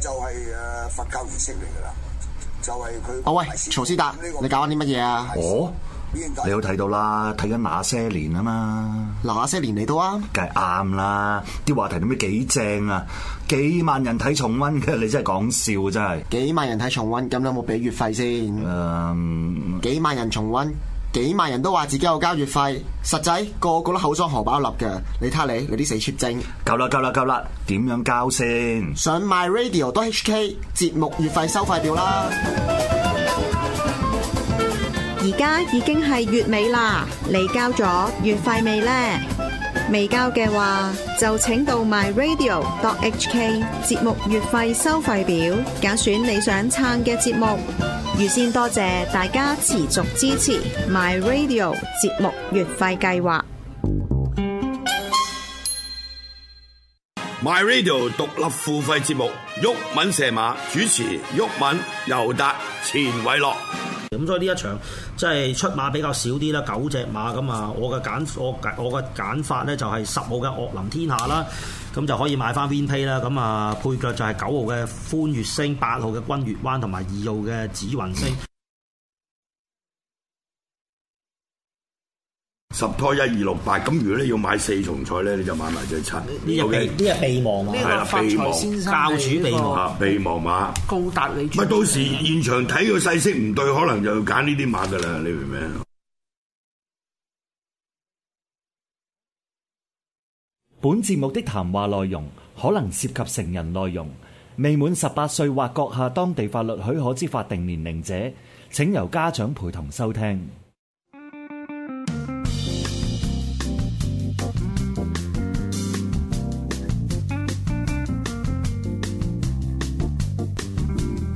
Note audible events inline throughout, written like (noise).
就係誒佛教儀式嚟噶啦，就係、是、佢。啊喂，曹師達，這這你搞緊啲乜嘢啊？哦，你都睇到，到，到啦，睇緊那些年啊嘛？那些年嚟到啊？梗係啱啦，啲話題點解幾正啊？幾萬人睇重溫嘅，你真係講笑真係。幾萬人睇重溫，咁有冇俾月費先？嗯。Um, 幾萬人重溫。幾萬人都話自己有交月費，實際個個都口裝荷包粒嘅。你睇你，你啲死 cheap 精！夠啦，夠啦，夠啦！點樣交先？上 myradio.hk 節目月費收費表啦。而家已經係月尾啦，你交咗月費未呢？未交嘅話，就請到 myradio.hk 節目月費收費表，揀選你想撐嘅節目。預先多謝大家持續支持 My Radio 節目月費計劃。My Radio 獨立付費節目，玉敏射馬主持，玉敏、尤達、錢偉樂。咁所以呢一場即係、就是、出馬比較少啲啦，九隻馬咁啊，我嘅揀我我嘅揀法咧，就係拾我嘅惡林天下啦。咁就可以買翻 v n p 啦。咁啊，配腳就係九號嘅歡悅星、八號嘅君悅灣同埋二號嘅紫雲星。嗯、十拖一二六八。咁如果你要買四重彩咧，你就買埋最七。呢個備呢個備忘啊，呢個發財先生，教主備忘啊，備忘馬。高達你。咪到時現場睇個細色唔對，可能就要揀呢啲馬噶啦。你明唔明？本節目的談話內容可能涉及成人內容，未滿十八歲或閣下當地法律許可之法定年齡者，請由家長陪同收聽。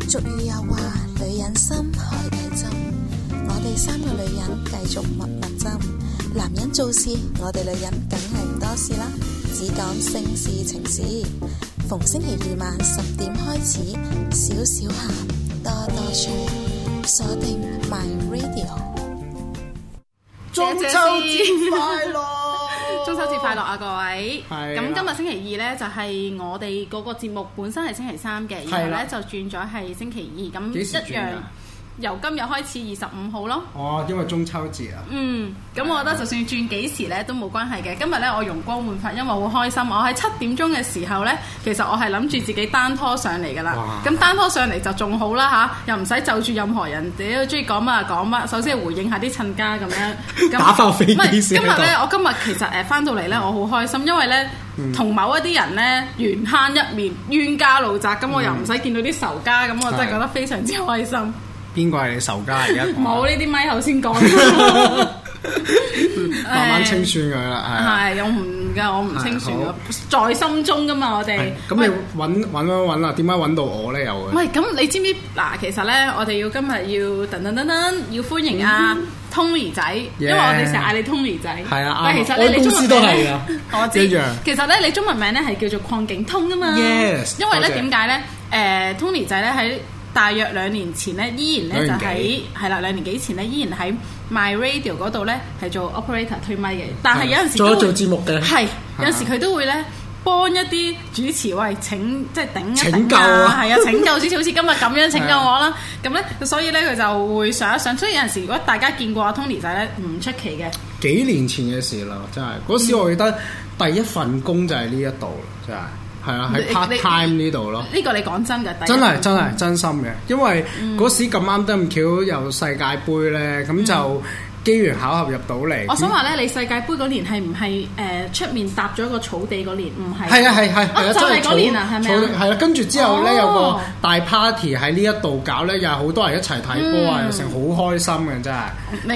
俗語又話：女人心，海底針。我哋三個女人繼續蜜蜜針，男人做事，我哋女人梗係唔多事啦。只講性事情事，逢星期二晚十點開始，少少喊，多多唱，鎖定 My Radio。中秋節快樂！ (laughs) 中秋節快樂啊，各位。咁的今日星期二呢，就係我哋嗰個節目本身係星期三嘅，的然後呢，就轉咗係星期二，咁一樣、啊。由今日開始二十五號咯。哦，因為中秋節啊。嗯，咁我覺得就算轉幾時咧都冇關係嘅。今日咧我容光煥發，因為好開心。我喺七點鐘嘅時候咧，其實我係諗住自己單拖上嚟噶啦。咁哇單拖上嚟就仲好啦嚇、啊，又唔使就住任何人，自己都中意講乜就講乜。首先回應下啲親家咁樣。 (laughs) 打翻飛是今日咧，我今日其實誒返、呃、到嚟咧，我好開心，因為咧同、嗯、某一啲人咧緣慳一面冤家路窄，咁我又唔使見到啲仇家，咁、嗯、我真係覺得非常之開心。邊個係你仇家而家？冇呢啲咪頭先講，慢慢清算佢啦。係係，我唔噶，我唔清算在心中噶嘛。我哋咁你揾揾揾揾啦，點解揾到我咧？又喂，咁你知唔知嗱？其實咧，我哋要今日要等等等等，要歡迎阿 Tony 仔，因為我哋成日嗌你 Tony 仔，係啊，但其實咧，你中文都係，我知，其實咧，你中文名咧係叫做鄺景通啊嘛，因為咧，點解咧？誒，Tony 仔咧喺。大約兩年前咧，依然咧年就喺係啦，兩年幾前咧，依然喺 My Radio 嗰度咧係做 operator 推麥嘅。但係有陣時做咗做節目嘅，係有時佢都會咧幫一啲主持或係請即係、就是、頂一頂㗎，啊，係救啊拯救主持，好似 (laughs) 今日咁樣拯救我啦。咁咧的，所以咧佢就會上一上，所以有陣時如果大家見過阿 Tony 仔咧，唔出奇嘅。幾年前嘅事啦，真係嗰時我記得第一份工就係呢一度真係。真係啊，喺 part time 呢度裡咯。呢個你講真㗎，真係真係真心嘅，嗯、因為嗰時咁啱得咁巧有世界盃咧，咁、嗯、就。機緣巧合入到嚟，我想話咧，你世界盃嗰年係唔係誒出面搭咗個草地嗰年？唔係，係啊係係，啊，就係嗰年啊，係咪？係啊，跟住之後咧有個大 party 喺呢一度搞咧，又係好多人一齊睇波啊，成好開心嘅真係，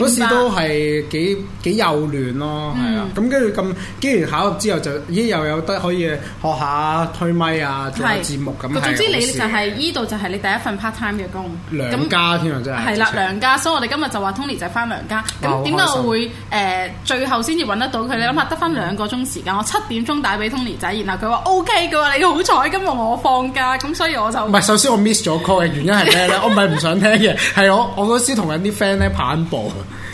嗰時都係幾幾幼嫩咯，係啊，咁跟住咁機緣巧合之後就咦又有得可以學下推咪啊，做下節目咁。總之你就係依度就係你第一份 part time 嘅工，梁家添啊，真係係啦梁家，所以我哋今日就話 Tony 就係翻梁家。咁點解我會誒、呃、最後先至揾得到佢？你諗、嗯、下得翻兩個鐘時,時間，我七點鐘打俾 Tony 仔，然後佢話、嗯、OK 嘅，你好彩今日我放假，咁所以我就唔係首先我 miss 咗 call 嘅原因係咩咧？我唔係唔想聽嘅，係我我嗰時同緊啲 friend 咧跑緊步，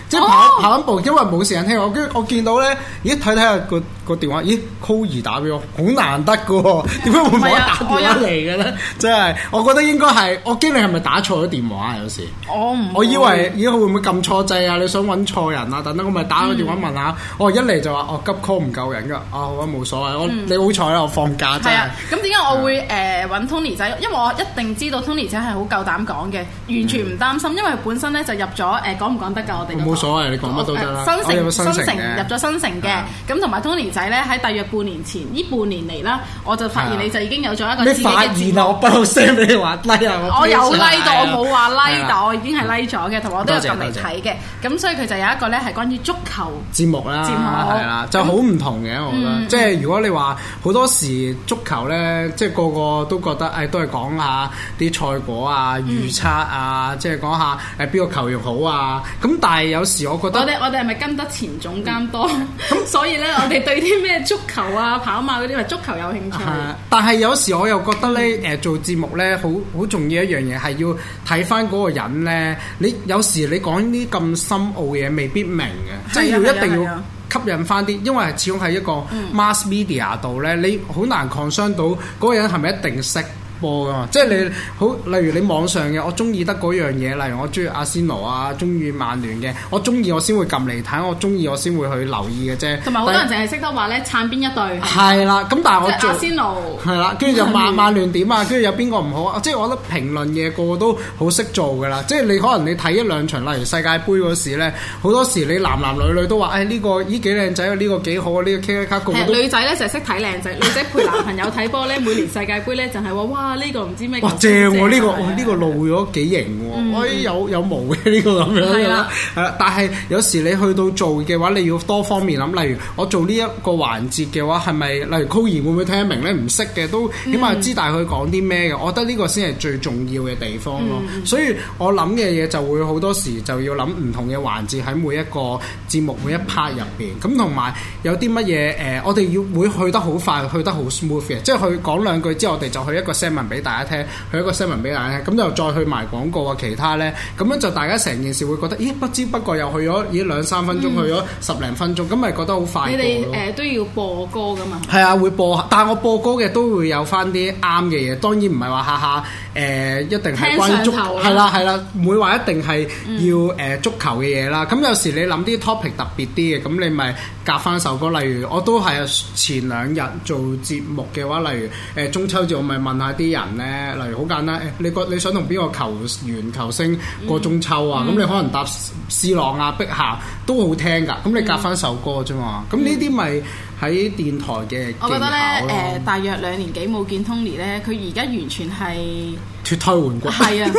即係跑跑緊步，因為冇時間聽，我跟住我見到咧，咦睇睇下個。個電話，咦 call 打俾我，好難得嘅喎，點解會唔會打電話嚟嘅咧？真係，我覺得應該係我驚你係咪打錯咗電話有時？我唔，我以為咦會唔會撳錯掣啊？你想揾錯人啊？等等，我咪打個電話問下。我一嚟就話我急 call 唔夠人㗎。啊，好冇所謂。我你好彩啊，我放假真係。咁點解我會誒揾 Tony 仔？因為我一定知道 Tony 仔係好夠膽講嘅，完全唔擔心，因為本身咧就入咗誒講唔講得㗎？我哋冇所謂，你講乜都得啦。新城新城入咗新城嘅，咁同埋 Tony 仔咧喺大約半年前，呢半年嚟啦，我就發現你就已經有咗一個新嘅轉變啦。我畢到聲俾你話 like 啊！ (laughs) (laughs) 我有 like 到，我冇話 like，但我已經係 like 咗嘅。同埋我都有入嚟睇嘅。咁所以佢就有一個咧，係關於足球節目啦，節目，係啦，就好唔同嘅。嗯、我覺得、嗯嗯、即係如果你話好多時足球咧，即係個個都覺得誒、哎，都係講下啲賽果啊、預測啊，嗯、即係講下誒邊個球員好啊。咁但係有時我覺得咧，我哋係咪跟得前總監多？咁、嗯嗯嗯嗯、所以咧，我哋對啲咩足球啊跑馬嗰啲，咪足球有興趣。係，但係有時我又覺得咧，誒、嗯、做節目咧，好好重要一樣嘢係要睇翻嗰個人咧。你有時你講啲咁深奧嘅嘢，未必明嘅，的即係要一定要吸引翻啲，因為始終係一個 mass media 度咧，嗯、你好難 concern 到嗰個人係咪一定識。播㗎嘛，即係你好，例如你網上嘅，我中意得嗰樣嘢，例如我中意阿仙奴啊，中意曼聯嘅，我中意我先會撳嚟睇，我中意我先會去留意嘅啫。同埋好多人淨係識得話咧，撐邊一隊。係啦，咁但係我阿仙奴係啦，跟住就曼曼聯點啊，跟住、嗯、有邊個唔好啊？嗯、即係我覺得評論嘢個個都好識做㗎啦。即係你可能你睇一兩場，例如世界盃嗰時咧，好多時你男男女女都話：，誒、哎、呢、這個咦幾靚仔啊，呢、這個幾好啊，呢、這個 Kaká 咁、這個這個。女仔咧就係識睇靚仔，女仔陪男朋友睇波咧，每年世界盃咧就係話：，哇！呢、啊這個唔知咩？哇正呢、啊啊這個呢、哦、個露咗幾型喎！我、嗯哎、有有毛嘅呢、這個咁樣係啦、嗯，但係有時你去到做嘅話，你要多方面諗，例如我做呢一個環節嘅話係咪例如溝兒會唔會聽得明咧？唔識嘅都起碼知大概講啲咩嘅。我覺得呢個先係最重要嘅地方咯。嗯、所以我諗嘅嘢就會好多時就要諗唔同嘅環節，喺每一個節目每一 part 入邊。咁同埋有啲乜嘢誒我哋要會去得好快，去得好 smooth 嘅，即係去講兩句之後我哋就去一個。俾大家聽，佢一個新聞俾大家聽，咁就再去埋廣告啊，其他呢，咁樣就大家成件事會覺得，咦？不知不覺又去咗已經兩三分鐘，去咗十零分鐘，咁咪覺得好快。你哋誒都要播歌噶嘛？係啊，會播，但係我播歌嘅都會有翻啲啱嘅嘢，當然唔係話下下誒一定係關足球，係啦係啦，唔會話一定係要誒足球嘅嘢啦。咁有時你諗啲 topic 特別啲嘅，咁你咪夾翻首歌。例如，我都係前兩日做節目嘅話，例如誒中秋節，我咪問下啲啲人咧，例如好簡單，欸、你覺你想同邊個球員球星、嗯、過中秋啊？咁、嗯、你可能搭 C 朗啊、碧咸都好聽㗎，咁你夾翻首歌啫嘛，咁呢啲咪～喺電台嘅技巧咯。我覺得咧，誒，大約兩年幾冇見 Tony 咧，佢而家完全係脱胎換骨。係啊，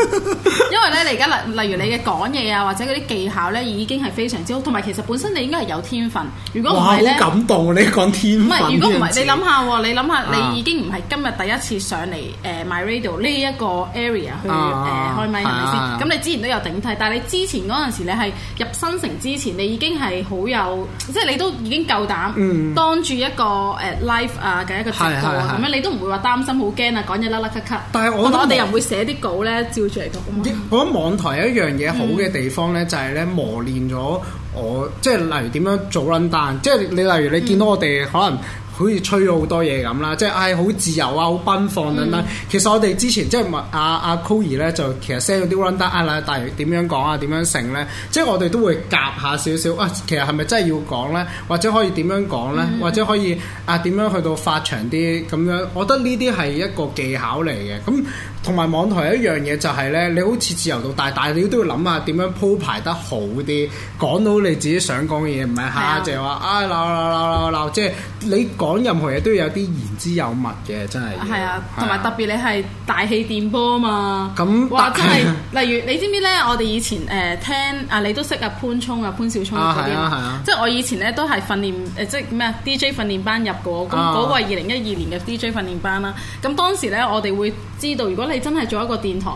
因為咧，你而家例例如你嘅講嘢啊，或者嗰啲技巧咧，已經係非常之好。同埋其實本身你應該係有天分。如果唔係，哇，好感動你講天分。唔係，如果唔係你諗下喎，你諗下你已經唔係今日第一次上嚟誒 My Radio 呢一個 area 去誒開咪係咪先？咁你之前都有頂替，但係你之前嗰陣時你係入新城之前，你已經係好有，即係你都已經夠膽當。跟住一個誒 life 啊嘅一個直播咁樣，你都唔會話擔心好驚啊，講嘢甩拉咳咳。小小小，但係我覺得我哋又會寫啲稿咧，照住嚟讀啊。我覺得網台有一樣嘢好嘅地方咧，就係咧磨練咗我，即係、嗯、例如點樣做 rundown，即係你例如你見到我哋、嗯、可能。好似吹咗好多嘢咁啦，即係唉好自由啊，好奔放等等。嗯、其實我哋之前即係麥阿阿 Coyle 咧，就其實 send 咗啲 rundown，但係點樣講啊？點樣成咧？即係我哋都會夾下少少啊。其實係咪真係要講咧？或者可以點樣講咧？嗯、或者可以啊？點樣去到發長啲咁樣？我覺得呢啲係一個技巧嚟嘅咁。同埋網台一樣嘢就係咧，你好似自由度大，但係你都要諗下點樣鋪排得好啲，講到你自己想講嘅嘢，唔係下即係話是啊即係、就是、你講任何嘢都要有啲言之有物嘅，真係。係啊，同埋特別你係大氣電波啊嘛。咁但、嗯、真係， (laughs) 例如你知唔知咧？我哋以前誒聽啊，你都識啊潘聰啊潘小聰嗰啲。啊啊，啊即係我以前咧都係訓練誒，即係咩 DJ 訓練班入過。嗰、啊、個係二零一二年嘅 DJ 訓練班啦。咁當時咧，我哋會知道，如果你真係做一個電台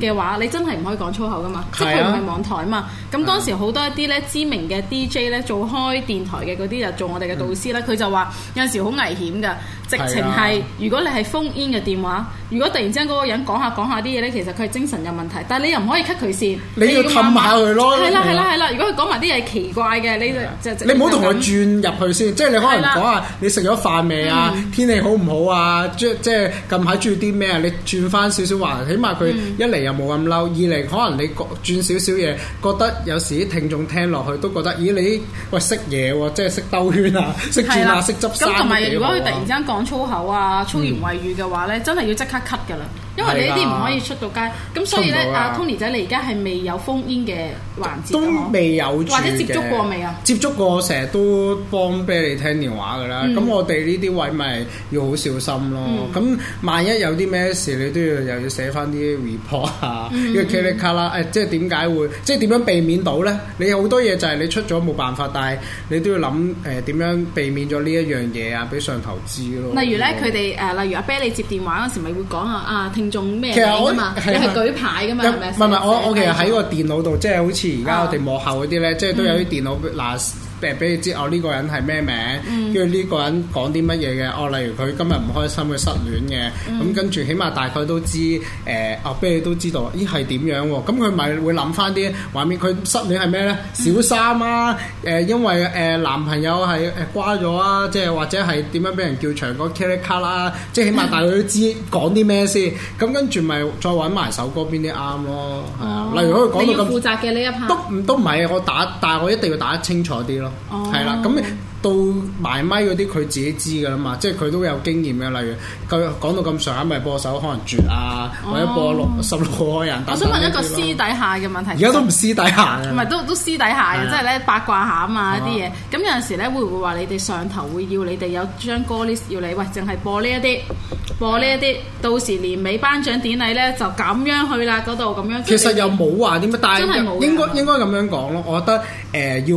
嘅話，嗯、你真係唔可以講粗口噶嘛，是啊、即係佢唔係網台嘛。咁當時好多一啲咧知名嘅 DJ 咧做開電台嘅嗰啲就做我哋嘅導師啦，佢、嗯、就話有陣時好危險噶。直情係，如果你係 phone in 嘅電話，如果突然之間嗰個人講下講下啲嘢咧，其實佢係精神有問題，但係你又唔可以 cut 佢線。你要氹下佢咯。係啦係啦係啦，如果佢講埋啲嘢奇怪嘅，你就就，就你唔好同佢轉入去先，樣即係你可能講下你食咗飯未啊？嗯、天氣好唔好啊？即即係近排鍾意啲咩啊？你轉翻少少話，起碼佢一嚟又冇咁嬲，嗯、二嚟可能你轉少少嘢，覺得有時啲聽眾聽落去都覺得，咦你喂識嘢喎，即係識兜圈、嗯、啊，識轉啊，識執生，同埋如果佢突然之間講講粗口啊，粗言穢語嘅話咧，嗯、真係要即刻 cut 㗎啦！因為你呢啲唔可以出到街，咁所以咧，阿 Tony 仔你而家係未有封煙嘅環節，都未有，或者接觸過未啊？接觸過，成日都幫 Billy 聽電話噶啦。咁我哋呢啲位咪要好小心咯。咁萬一有啲咩事，你都要又要寫翻啲 report 啊，因為卡力卡拉誒，即係點解會，即係點樣避免到咧？你好多嘢就係你出咗冇辦法，但係你都要諗誒點樣避免咗呢一樣嘢啊，俾上頭知咯。例如咧，佢哋誒，例如阿 Billy 接電話嗰時，咪會講啊啊做咩啊嘛？你係舉牌噶嘛？唔係唔係，我我其實喺個電腦度，即係好似而家我哋幕後嗰啲咧，即係、嗯、都有啲電腦。嗱。嗯俾你知，我呢個人係咩名，跟住呢個人講啲乜嘢嘅。哦，例如佢今日唔開心，佢、嗯、失戀嘅。咁跟住，起碼大概都知。誒、呃，啊，俾你都知道，咦係點樣喎？咁佢咪會諗翻啲畫面。佢失戀係咩咧？嗯、小三啊？誒、呃，因為誒、呃、男朋友係誒瓜咗啊，即、呃、係、呃呃呃、或者係點樣俾人叫長哥。c a r i k a 啦？即係起碼大概都知講啲咩先。咁跟住咪再揾埋首歌邊啲啱咯，係啊，啊。例如可以講到咁、哦。你要負責嘅呢一 part。都唔都唔係，我打，但係我一定要打得清楚啲咯。係啦，咁、哦、到埋咪嗰啲佢自己知噶啦嘛，即係佢都有經驗嘅。例如佢講到咁上下，咪播首可能絕啊，ear, 或者播六十六個人。我想問一個私底下嘅問題。而家都唔私底下嘅，唔係都都私底下嘅，即係咧八卦一下啊嘛啲嘢。咁、哦、有陣時咧，會唔會話你哋上頭會要你哋有張歌 list 要你喂，淨係播呢一啲，播呢一啲，到時年尾頒獎典禮咧就咁樣去啦嗰度咁樣。其實，其實又冇話點，但係應該應該咁樣講咯。我覺得誒、呃、要。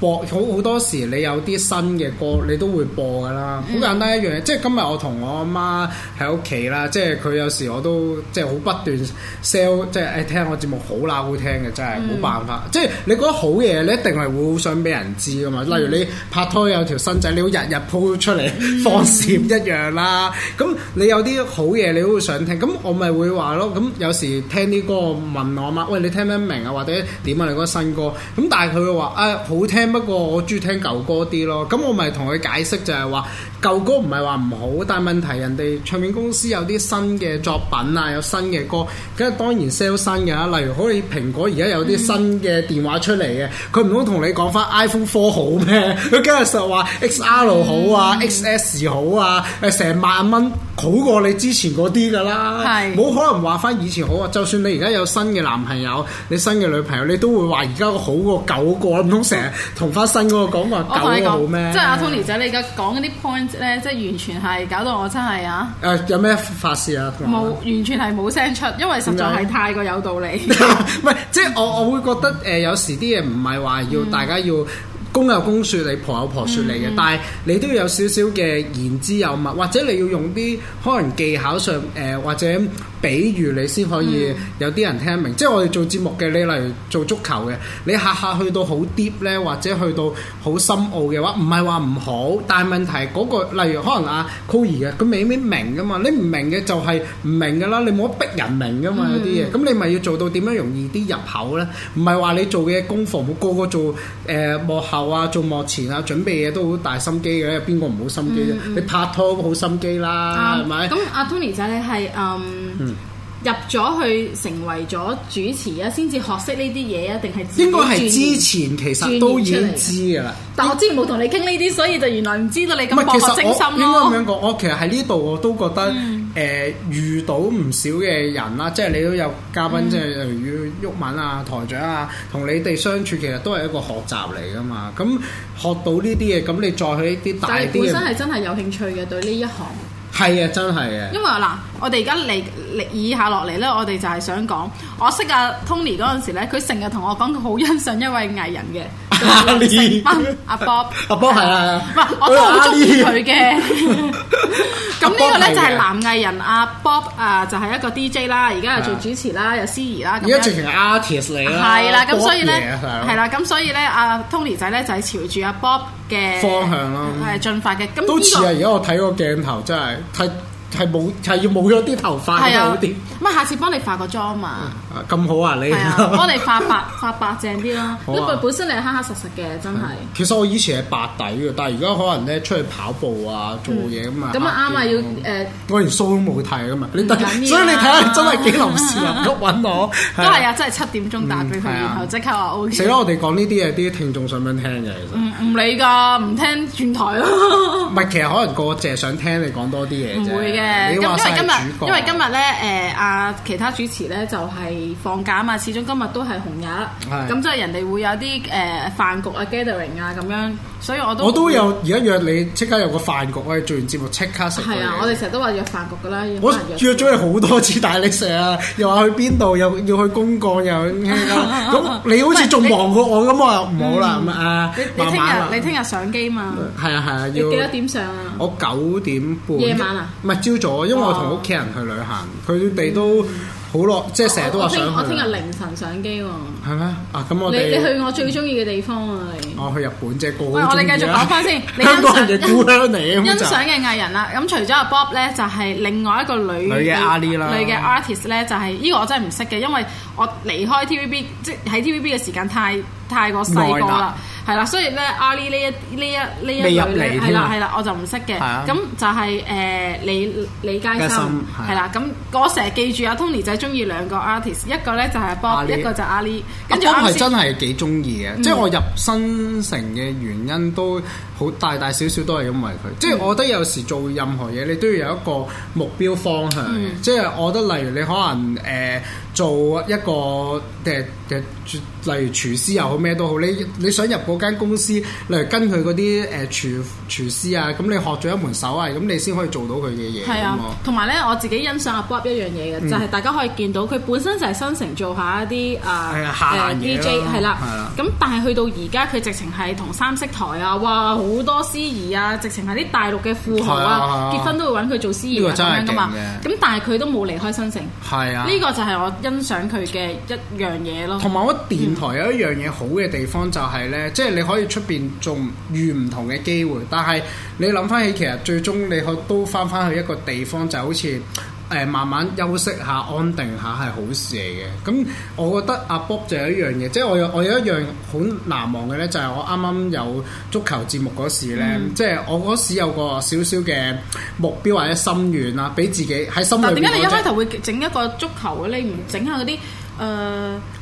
播好好多時你有啲新嘅歌，你都會播噶啦。好、嗯、簡單一樣嘢，即係今日我同我阿媽喺屋企啦。即係佢有時我都即係好不斷 sell，即係誒、哎、聽我節目好撚好聽嘅，真係冇辦法。嗯、即係你覺得好嘢，你一定係會好想俾人知噶嘛。嗯、例如你拍拖有條新仔，你會日日鋪出嚟 (laughs) 放閃一樣啦。咁、嗯、你有啲好嘢，你都會想聽，咁我咪會話咯。咁有時聽啲歌問我阿媽，餵你聽得明啊？或者點啊？你嗰新歌。咁但係佢會話誒好聽。不過我中意聽舊歌啲咯，咁我咪同佢解釋就係話。舊歌唔係話唔好，但係問題，人哋唱片公司有啲新嘅作品啊，有新嘅歌，咁啊當然 sell 新嘅啦、啊。例如好似蘋果而家有啲新嘅電話出嚟嘅，佢唔通同你講翻 iPhone Four 好咩？佢今日實話 XR 好啊，XS 好啊，誒成、嗯啊、萬蚊好過你之前嗰啲㗎啦。冇是可能話翻以前好啊。就算你而家有新嘅男朋友，你新嘅女朋友，你都會話而家好過舊個，唔通成日同翻新嗰個講話舊個好咩？ (laughs) (laughs) 即係阿 Tony 仔，你而家講嗰啲 point。 (laughs) 即係完全係搞到我真係啊！誒、呃、有咩法事啊？冇，完全係冇聲出，因為實在係太過有道理麼。唔係 (laughs) 即係我我會覺得誒、呃、有時啲嘢唔係話要、嗯、大家要公有公説你，婆有婆説你嘅，嗯、但係你都要有少少嘅言之有物，或者你要用啲可能技巧上誒、呃、或者。比如你先可以有啲人聽明，嗯、即係我哋做節目嘅，你例如做足球嘅，你下下去到好 deep 咧，或者去到好深奧嘅話，唔係話唔好，但係問題嗰、那個例如可能阿 Koi 嘅，佢未必明噶嘛，你唔明嘅就係唔明噶啦，你冇得逼人明噶嘛，有啲嘢，咁你咪要做到點樣容易啲入口咧？唔係話你做嘅功課冇個個做，誒、呃、幕後啊，做幕前啊，準備嘢都好大心機嘅，邊個唔好心機啫？嗯嗯你拍拖好心機啦，係咪、啊？咁阿、啊、Tony 仔你係。嗯？嗯入咗去成為咗主持啊，先至學識呢啲嘢啊，定係應該係之前其實都已經知噶啦？但我之前冇同你傾呢啲，所以就原來唔知道你咁博學精深、啊、應該咁樣講，我其實喺呢度我都覺得誒、嗯呃、遇到唔少嘅人啦，即係你都有嘉賓，嗯、即係例如毓文啊、台長啊，同你哋相處其實都係一個學習嚟噶嘛。咁學到呢啲嘢，咁你再去啲大啲，但本身係真係有興趣嘅對呢一行。係啊，真係啊！因為嗱，我哋而家嚟嚟以下落嚟咧，我哋就係想講，我識阿 Tony 嗰陣時咧，佢成日同我講，佢好欣賞一位藝人嘅。阿 Bob，阿 Bob 係啊，唔係，我都好中意佢嘅。咁呢個咧就係男藝人阿 Bob 啊，就係一個 DJ 啦，而家又做主持啦，又司儀啦。而家直情 artist 嚟啦，係啦。咁所以咧，係啦。咁所以咧，阿 Tony 仔咧就係朝住阿 Bob 嘅方向咯，係進發嘅。都似啊！而家我睇個鏡頭真係睇。係冇，就係要冇咗啲頭髮，好啲。乜下次幫你化個妝嘛？咁好啊！你幫你化白，化白淨啲咯。因為本身你係黑黑實實嘅，真係。其實我以前係白底嘅，但係而家可能咧出去跑步啊，做嘢咁啊。咁啊啱啊！要誒，我連 show 都冇睇㗎嘛！你突然，所以你睇下真係幾牛屎啊！急揾我都係啊！真係七點鐘打俾佢，然後即刻話 OK。死啦！我哋講呢啲嘢啲聽眾想問聽嘅，其實唔唔理㗎，唔聽轉台咯。唔係，其實可能個淨係想聽你講多啲嘢啫。因為今日，因為今日咧，誒，阿其他主持咧就係放假啊嘛，始終今日都係紅日，咁即係人哋會有啲誒飯局啊、gathering 啊咁樣，所以我都我都有而家約你即刻有個飯局啊，做完節目即刻食。係啊，我哋成日都話約飯局㗎啦，我約咗你好多次，大力食啊，又話去邊度，又要去公幹，又咁，你好似仲忙過我咁啊，唔好啦，阿，你你聽日你聽日上機嘛？係啊係啊，要幾多點上啊？我九點半。夜晚啊？唔係咗，因為我同屋企人去旅行，佢哋都好耐，即係成日都話上。我聽日凌晨上機喎。係咩？啊，咁我你你去我最中意嘅地方喎你。我去日本啫，個我哋繼續講返先。香港人嘅故鄉嚟嘅。欣賞嘅藝人啦，咁除咗阿 Bob 咧，就係另外一個女女嘅 artist 咧，就係呢個我真係唔識嘅，因為我離開 TVB 即係喺 TVB 嘅時間太。太過細個啦，係啦，所以咧，阿 Lee 呢一呢一呢一句咧，係啦係啦，我就唔識嘅。咁就係誒，李李佳芯係啦。咁我成日記住阿 Tony 仔中意兩個 artist，一個咧就係 Bob，一個就阿 Lee。跟住我係真係幾中意嘅，即係我入新城嘅原因都好大大小小都係因為佢。即係我覺得有時做任何嘢，你都要有一個目標方向。即係我覺得，例如你可能誒做一個嘅嘅。例如廚師又好咩都好，你你想入嗰間公司，例如跟佢嗰啲誒廚廚師啊，咁你學咗一門手藝，咁你先可以做到佢嘅嘢。係啊，同埋咧，我自己欣賞阿 Bob 一樣嘢嘅，就係大家可以見到佢本身就係新城做下一啲啊 DJ 係啦，咁但係去到而家佢直情係同三色台啊，哇好多司儀啊，直情係啲大陸嘅富豪啊結婚都會揾佢做司儀咁噶嘛。咁但係佢都冇離開新城，係啊，呢個就係我欣賞佢嘅一樣嘢咯。同埋我電台有一樣嘢好嘅地方就係、是、呢，即、就、係、是、你可以出邊仲遇唔同嘅機會，但係你諗翻起其實最終你可都翻翻去一個地方，就好似誒、呃、慢慢休息下、安定下係好事嚟嘅。咁我覺得阿 Bob 就有一樣嘢，即、就、係、是、我有我有一樣好難忘嘅呢，就係、是、我啱啱有足球節目嗰時呢，即係、嗯、我嗰時有個少少嘅目標或者心願啊，俾自己喺、嗯、心裏面。點解你一開頭會整一個足球？你唔整下嗰啲？誒，我、uh,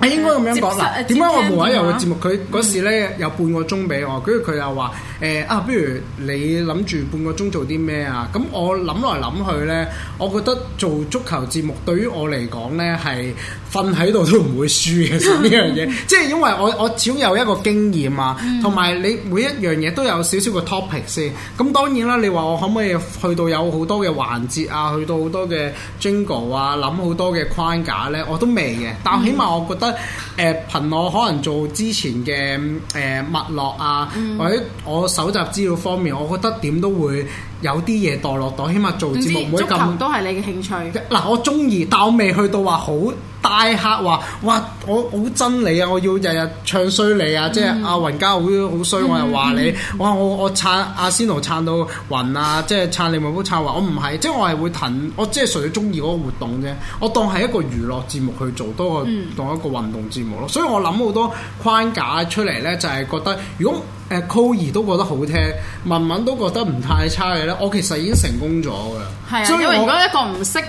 okay. 應該咁樣講啦。點解、啊、我 MyRadio 嘅節目，佢嗰時咧有半個鐘俾我，跟住佢又話誒啊，不如你諗住半個鐘做啲咩啊？咁我諗來諗去咧，我覺得做足球節目對於我嚟講咧係瞓喺度都唔會輸嘅。呢樣嘢，即係因為我我始終有一個經驗啊，同埋你每一樣嘢都有少少嘅 topic 先。咁當然啦，你話我可唔可以去到有好多嘅環節啊？去到好多嘅 jingle 啊，諗好多嘅框架咧，我都未嘅。但起碼我覺得，誒、嗯呃、憑我可能做之前嘅誒脈絡啊，或者我搜集資料方面，我覺得點都會。有啲嘢墮落到，起碼做節目唔之會咁。足球都係你嘅興趣。嗱、啊，我中意，但我未去到話好大客，話哇，我好憎你啊！我要日日唱衰你啊！即係阿雲家會好衰，我又話你。哇，我我撐阿仙奴撐到暈啊！即係撐利物浦撐壞，我唔係，嗯、即係我係會騰，我即係純粹中意嗰個活動啫。我當係一個娛樂節目去做，多過當一個運動節目咯。嗯、所以我諗好多框架出嚟咧，就係覺得如果。誒溝兒都覺得好聽，文文都覺得唔太差嘅咧，我其實已經成功咗㗎。係啊，所以我覺得如果一個唔識誒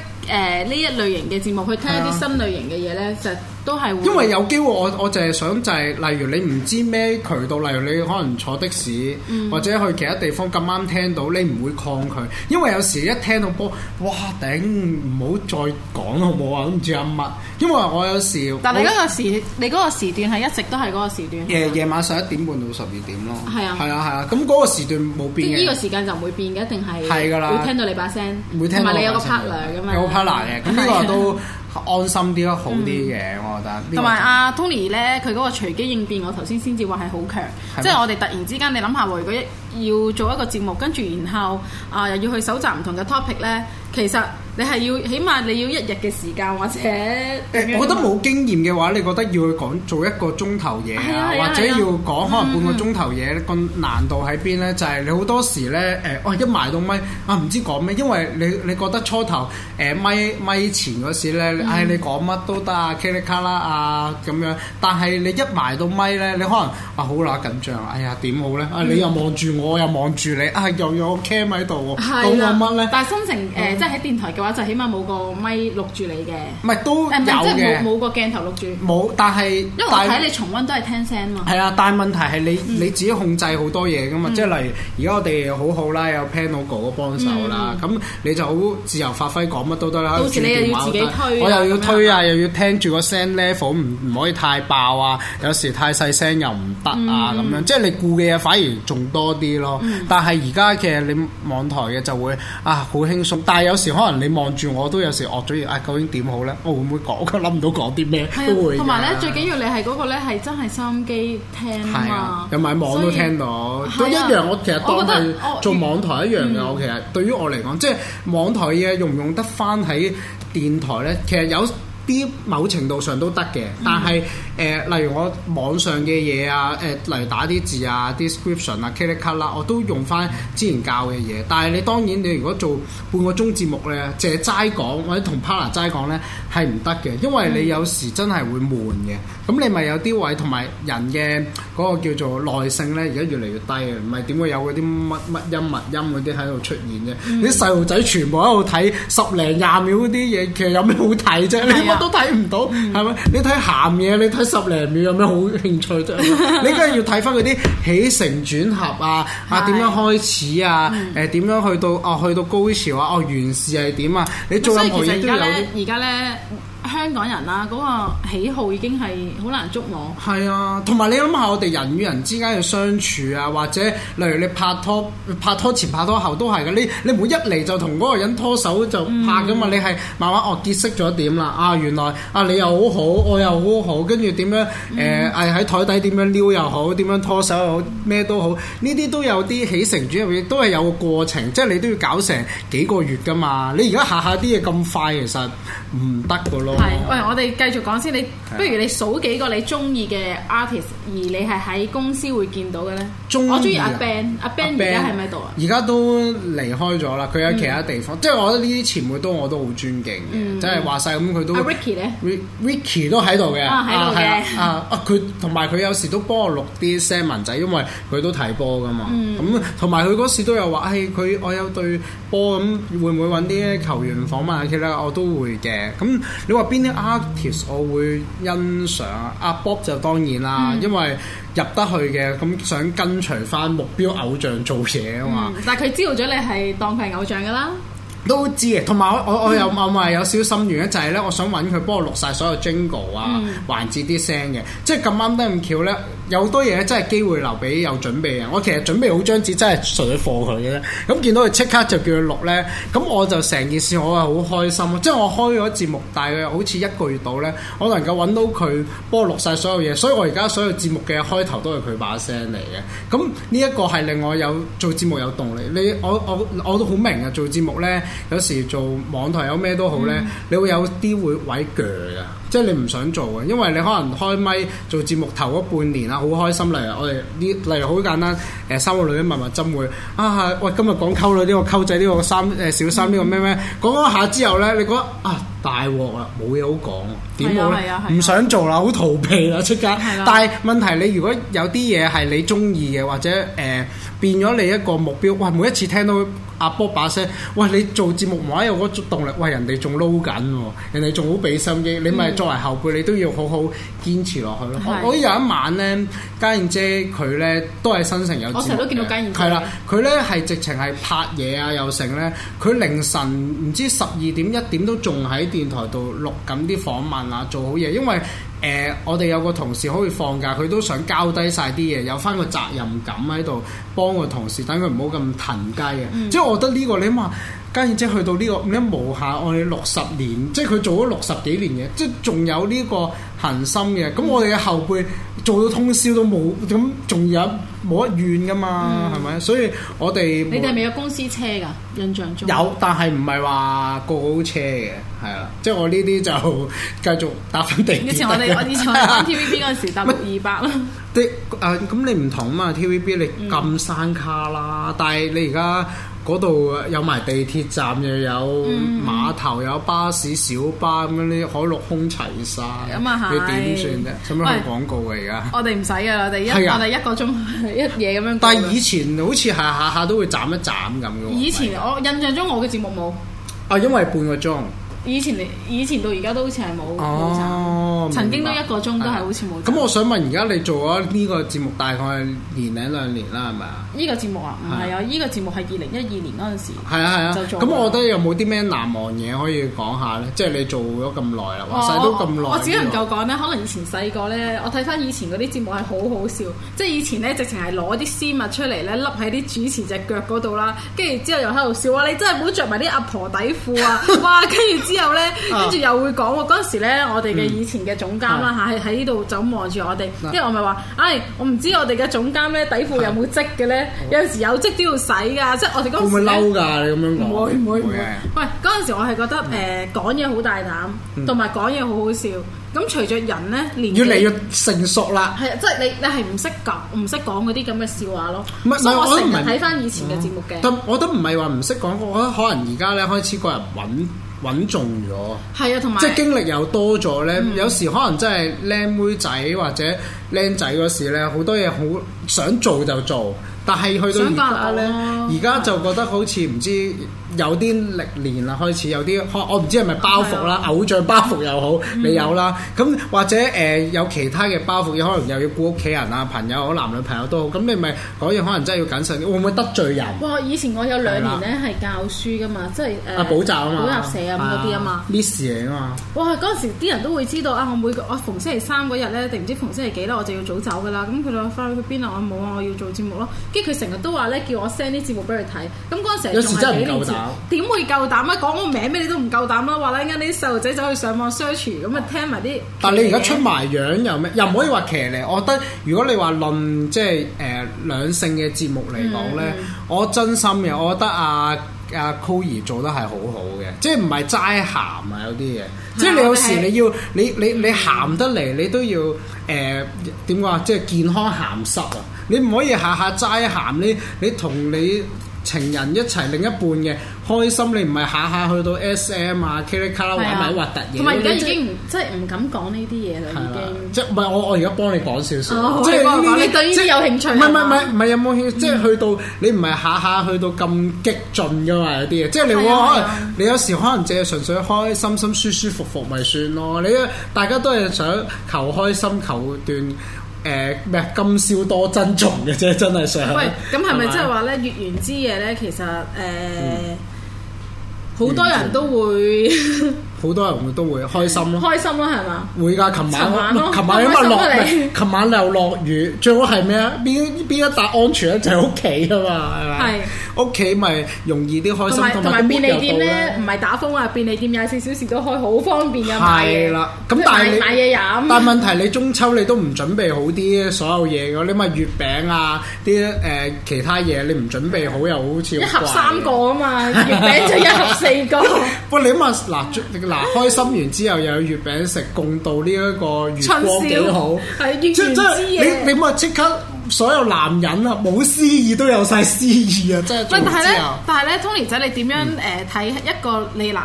呢一類型嘅節目，去聽一啲新類型嘅嘢咧，係啊、就係、～都係，因為有機會我我淨係想就係，例如你唔知咩渠道，例如你可能坐的士，或者去其他地方咁啱聽到，你唔會抗拒，因為有時一聽到波，哇頂，唔好再講好唔好啊？都唔知阿乜，因為我有時。但你嗰個時，你嗰個時段係一直都係嗰個時段。夜晚十一點半到十二點咯。係啊。係啊係啊，咁嗰個時段冇變嘅。呢個時間就唔會變嘅，一定係。係噶啦，會聽到你把聲。會聽到。同埋你有個 partner 嘅嘛。有個 partner 嘅，咁呢個都。安心啲咯，好啲嘅，嗯、我覺得、啊。同埋阿 Tony 咧，佢嗰個隨機應變，我頭先先至話係好強。即係嗎我哋突然之間，你諗下喎，如果一要做一個節目，跟住然後啊，又要去蒐集唔同嘅 topic 咧。其實你係要，起碼你要一日嘅時間，或者我覺得冇經驗嘅話，你覺得要去講做一個鐘頭嘢啊，或者要講可能半個鐘頭嘢，個難度喺邊咧？就係你好多時咧，誒，哦，一埋到咪啊，唔知講咩，因為你你覺得初頭誒咪咪前嗰時咧，唉，你講乜都得啊，卡利卡啦啊咁樣，但係你一埋到咪咧，你可能啊好乸緊張，哎呀點好咧？啊你又望住我。我又望住你啊！又有個 cam 喺度喎，到我乜咧？但係新城誒，即係喺電台嘅話，就起碼冇個咪錄住你嘅。唔係都有嘅，即係冇冇個鏡頭錄住。冇，但係因為我睇你重溫都係聽聲嘛。係啊，但係問題係你你自己控制好多嘢噶嘛，即係例如而家我哋有好好啦，有 panel 哥哥幫手啦，咁你就好自由發揮講乜都得啦。到時你又要自己推，我又要推啊，又要聽住個聲 level，唔唔可以太爆啊，有時太細聲又唔得啊，咁樣即係你顧嘅嘢反而仲多啲。咯，嗯、但係而家嘅其實你網台嘅就會啊好輕鬆，但係有時可能你望住我都有時惡咗嘢，啊究竟點好咧？我會唔會講？我諗唔到講啲咩都會。同埋咧，最緊要你係嗰個咧係真係收音機聽啊嘛，又咪、啊、網都聽到都以一樣。啊、我其實當佢做網台一樣嘅，嗯、我其實對於我嚟講，即、就、係、是、網台嘅嘢用唔用得翻喺電台咧？其實有。啲某程度上都得嘅，但係，誒、嗯呃，例如我網上嘅嘢啊，誒、呃，例如打啲字啊，description 啊 character 啦，我都用翻之前教嘅嘢。但係你當然你如果做半個鐘節目咧，淨係齋講或者同 partner 齋講咧，係唔得嘅，因為你有時真係會悶嘅。咁、嗯、你咪有啲位同埋人嘅嗰個叫做耐性咧，而家越嚟越低啊，唔係點會有嗰啲乜乜音乜音嗰啲喺度出現啫？嗯、你細路仔全部喺度睇十零廿秒嗰啲嘢，其實有咩好睇啫？都睇唔到，係咪、嗯？你睇鹹嘢，你睇十零秒有咩好興趣啫？ (laughs) 你梗係要睇翻嗰啲起承轉合啊，是啊點樣開始啊？誒點是、啊、樣去到哦、嗯啊？去到高潮啊？哦原事係點啊？你做任何嘢都有。而家咧。香港人啦、啊，嗰個喜好已經係好難捉摸。係啊，同埋你諗下，我哋人與人之間嘅相處啊，或者例如你拍拖，拍拖前拍拖後都係嘅。你你唔會一嚟就同嗰個人拖手就拍噶嘛？嗯、你係慢慢哦結識咗點啦。啊，原來啊你又好好，我又好好，跟住點樣誒喺台底點樣撩又好，點樣拖手又好，咩都好。呢啲都有啲起承轉合，亦都係有個過程，即係你都要搞成幾個月㗎嘛。你而家下下啲嘢咁快，其實唔得個咯。係，喂，我哋繼續講先。你不如你數幾個你中意嘅 artist，而你係喺公司會見到嘅咧。我中意阿 Ben，阿 Ben 而家喺唔喺度啊？而家都離開咗啦，佢喺其他地方。嗯、即係我覺得呢啲前輩都我都好尊敬嘅，嗯、即係話晒咁佢都。阿、啊、Ricky 咧？Ricky 都喺度嘅，啊喺度嘅，啊啊佢同埋佢有時都幫我錄啲 s e 新聞仔，因為佢都睇波㗎嘛。咁同埋佢嗰時都有話誒佢我有對波咁會唔會揾啲球員訪問啊？其實我都會嘅。咁、嗯嗯、你話。邊啲 artist 我會欣賞？阿 Bob 就當然啦，嗯、因為入得去嘅，咁想跟隨翻目標偶像做嘢啊嘛。但係佢知道咗你係當佢係偶像㗎啦。都知嘅，同埋我我我又我咪有小心願咧，就係咧，我想揾佢幫我錄晒所有 jingle 啊環節啲聲嘅，即係咁啱得咁巧咧，有好多嘢真係機會留俾有準備嘅。我其實準備好張紙真，真係純粹放佢嘅咧。咁見到佢即刻就叫佢錄呢，咁我就成件事我係好開心。即係我開咗節目，大約好似一個月度呢，我能夠揾到佢幫我錄晒所有嘢，所以我而家所有節目嘅開頭都係佢把聲嚟嘅。咁呢一個係令我有做節目有動力。你我我我都好明啊，做節目呢。有時做網台有咩都好咧，嗯、你會有啲會崴腳㗎。即係你唔想做啊，因為你可能開咪做節目頭嗰半年啊，好開心嚟啊！我哋呢，例如好簡單，誒三個女人蜜蜜針會啊，喂，今日講溝女呢、呢個溝仔呢、呢個三誒小三呢個咩咩，嗯、講咗一下之後咧，你覺得啊大鑊啊，冇嘢好講啊，點講唔想做啦，好逃避啦，出街。但係問題你如果有啲嘢係你中意嘅，或者誒、呃、變咗你一個目標，哇！每一次聽到阿波把聲，哇！你做節目話有個動力，哇！人哋仲撈緊喎，人哋仲好俾心機，你咪。作為後輩，你都要好好堅持落去咯。是的 我有一晚呢，嘉燕姐佢呢都係新城有，我成日都見到嘉燕姐。係啦，佢呢係直情係拍嘢啊，又成呢。佢凌晨唔知十二點一點都仲喺電台度錄緊啲訪問啊，做好嘢。因為誒、呃，我哋有個同事可以放假，佢都想交低晒啲嘢，有返個責任感喺度幫個同事，等佢唔好咁騰雞啊。嗯、即係我覺得呢、呢個你話。咁然之後去到呢、這個，你無限我哋六十年，即係佢做咗六十幾年嘅，即係仲有呢個恒心嘅。咁我哋嘅後輩做到通宵都冇，咁仲有冇得怨噶嘛？係咪、嗯？所以我哋你哋咪有公司車㗎？印象中有，但係唔係話高車嘅，係啊，即係我呢啲就繼續搭翻地鐵。以前我哋 (laughs) 我以前我 T V B 嗰陣時搭六二百啦。啲啊咁你唔同啊嘛，T V B 你咁山卡啦，但係你而家。嗰度有埋地鐵站，又有碼頭、有巴士、小巴，咁樣啲海陸空齊晒。嗯嗯、你點算啫？使乜係廣告啊而家？我哋唔使啊，嗎我哋一我哋一個鐘 (laughs) 一嘢咁樣。但係以前好似係下下都會斬一斬咁嘅喎。以前我印象中我嘅節目冇啊，因為半個鐘。以前你以前到而家都好似係冇，哦、差曾經都一個鐘都係好似冇。咁、啊、我想問，而家你做咗呢個節目大概年零兩年啦，係咪啊？呢個節目啊，唔係啊，呢個節目係二零一二年嗰陣時。係啊係啊。咁、啊嗯、我覺得有冇啲咩難忘嘢可以講下咧？即係你做咗咁耐啊，話曬都咁耐。我自己唔夠講咧，這個、可能以前細個咧，我睇翻以前嗰啲節目係好好笑，即、就、係、是、以前咧直情係攞啲絲襪出嚟咧，笠喺啲主持只腳嗰度啦，跟住之後又喺度笑話你真係唔好着埋啲阿婆底褲啊！ (laughs) 哇，跟住。之後咧，跟住又會講喎。嗰陣時咧，我哋嘅以前嘅總監啦吓，係喺呢度就望住我哋。因為我咪話，唉，我唔知我哋嘅總監咧底褲有冇織嘅咧？有陣時有織都要洗噶。即係我哋今會唔會嬲噶？你咁樣講唔會唔會？喂，嗰陣時我係覺得誒講嘢好大膽，同埋講嘢好好笑。咁隨着人咧年越嚟越成熟啦，係即係你你係唔識講唔識講嗰啲咁嘅笑話咯。所以我成日睇翻以前嘅節目嘅。都我都唔係話唔識講，我覺得可能而家咧開始個人穩。穩重咗，係啊，同埋即係經歷又多咗咧。嗯、有時可能真係靚妹仔或者靚仔嗰時咧，好多嘢好想做就做，但係去到而家咧，而家就覺得好似唔知。有啲歷練啦，開始有啲，我唔知係咪包袱啦，啊、偶像包袱又好，嗯、你有啦。咁或者誒、呃、有其他嘅包袱，又可能又要顧屋企人啊、朋友，我男女朋友都好。咁你咪嗰樣可能真係要謹慎，會唔會得罪人？哇、哦！以前我有兩年咧係教書㗎嘛，了即係誒補習啊嘛，補習社啊，嗰啲啊嘛，miss 嘢啊嘛。哇！嗰陣時啲人都會知道啊，我每、啊、逢星期三嗰日咧，定唔知逢星期幾咧，我就要早走㗎啦。咁佢就話返去邊啊？我冇啊，我要做節目咯。跟住佢成日都話咧，叫我 send 啲節目俾佢睇。咁嗰陣時，有時真係唔夠。點會夠膽啊？講個名咩你都唔夠膽啦！話啦，依家啲細路仔走去上網 search 咁啊，聽埋啲。但係你而家出埋樣 (laughs) 又咩？又唔可以話騎呢？我覺得如果你話論即係誒兩性嘅節目嚟講咧，嗯、我真心嘅，我覺得阿阿溝兒做得係好好嘅，即係唔係齋鹹啊？有啲嘢，嗯、即係你有時你要你你你，你，你鹹得嚟，你都要誒點講啊？即、呃、係、就是、健康鹹濕啊！你唔可以下下齋鹹，你你同你情人一齊另一半嘅。開心，你唔係下下去到 S M 啊，卡拉卡拉玩埋啲核突嘢，同埋而家已經即係唔敢講呢啲嘢啦，已經即唔係我我而家幫你講少少，即係呢啲你對於有興趣，唔係唔係唔係有冇興趣，即係去到你唔係下下去到咁激進噶嘛，有啲嘢，即係你會可能你有時可能淨係純粹開心心舒舒服服咪算咯，你大家都係想求開心求段誒咩今宵多珍重嘅啫，真係想。喂，咁係咪即係話咧？月圓之夜咧，其實誒。好多人都會。好多人都會開心咯，開心咯係嘛？會㗎，琴晚，琴晚因為落，琴晚又落雨，最好係咩啊？邊邊一笪安全就喺屋企啊嘛，係咪？屋企咪容易啲開心同埋便利店咧，唔係打風啊，便利店廿四小時都開，好方便㗎嘛。係啦，咁但係你買嘢飲，但係問題你中秋你都唔準備好啲所有嘢㗎，你咪月餅啊啲誒其他嘢，你唔準備好又好似一盒三個啊嘛，月餅就一盒四個。喂，你諗下，嗱，嗱， (laughs) 開心完之後又有月餅食，共度呢一個月光幾好。 (laughs) 即即係你你唔好即刻，所有男人啊冇詩意都有晒詩意啊。即係，但係咧，但係咧，Tony 仔，你點樣誒睇一個你娜？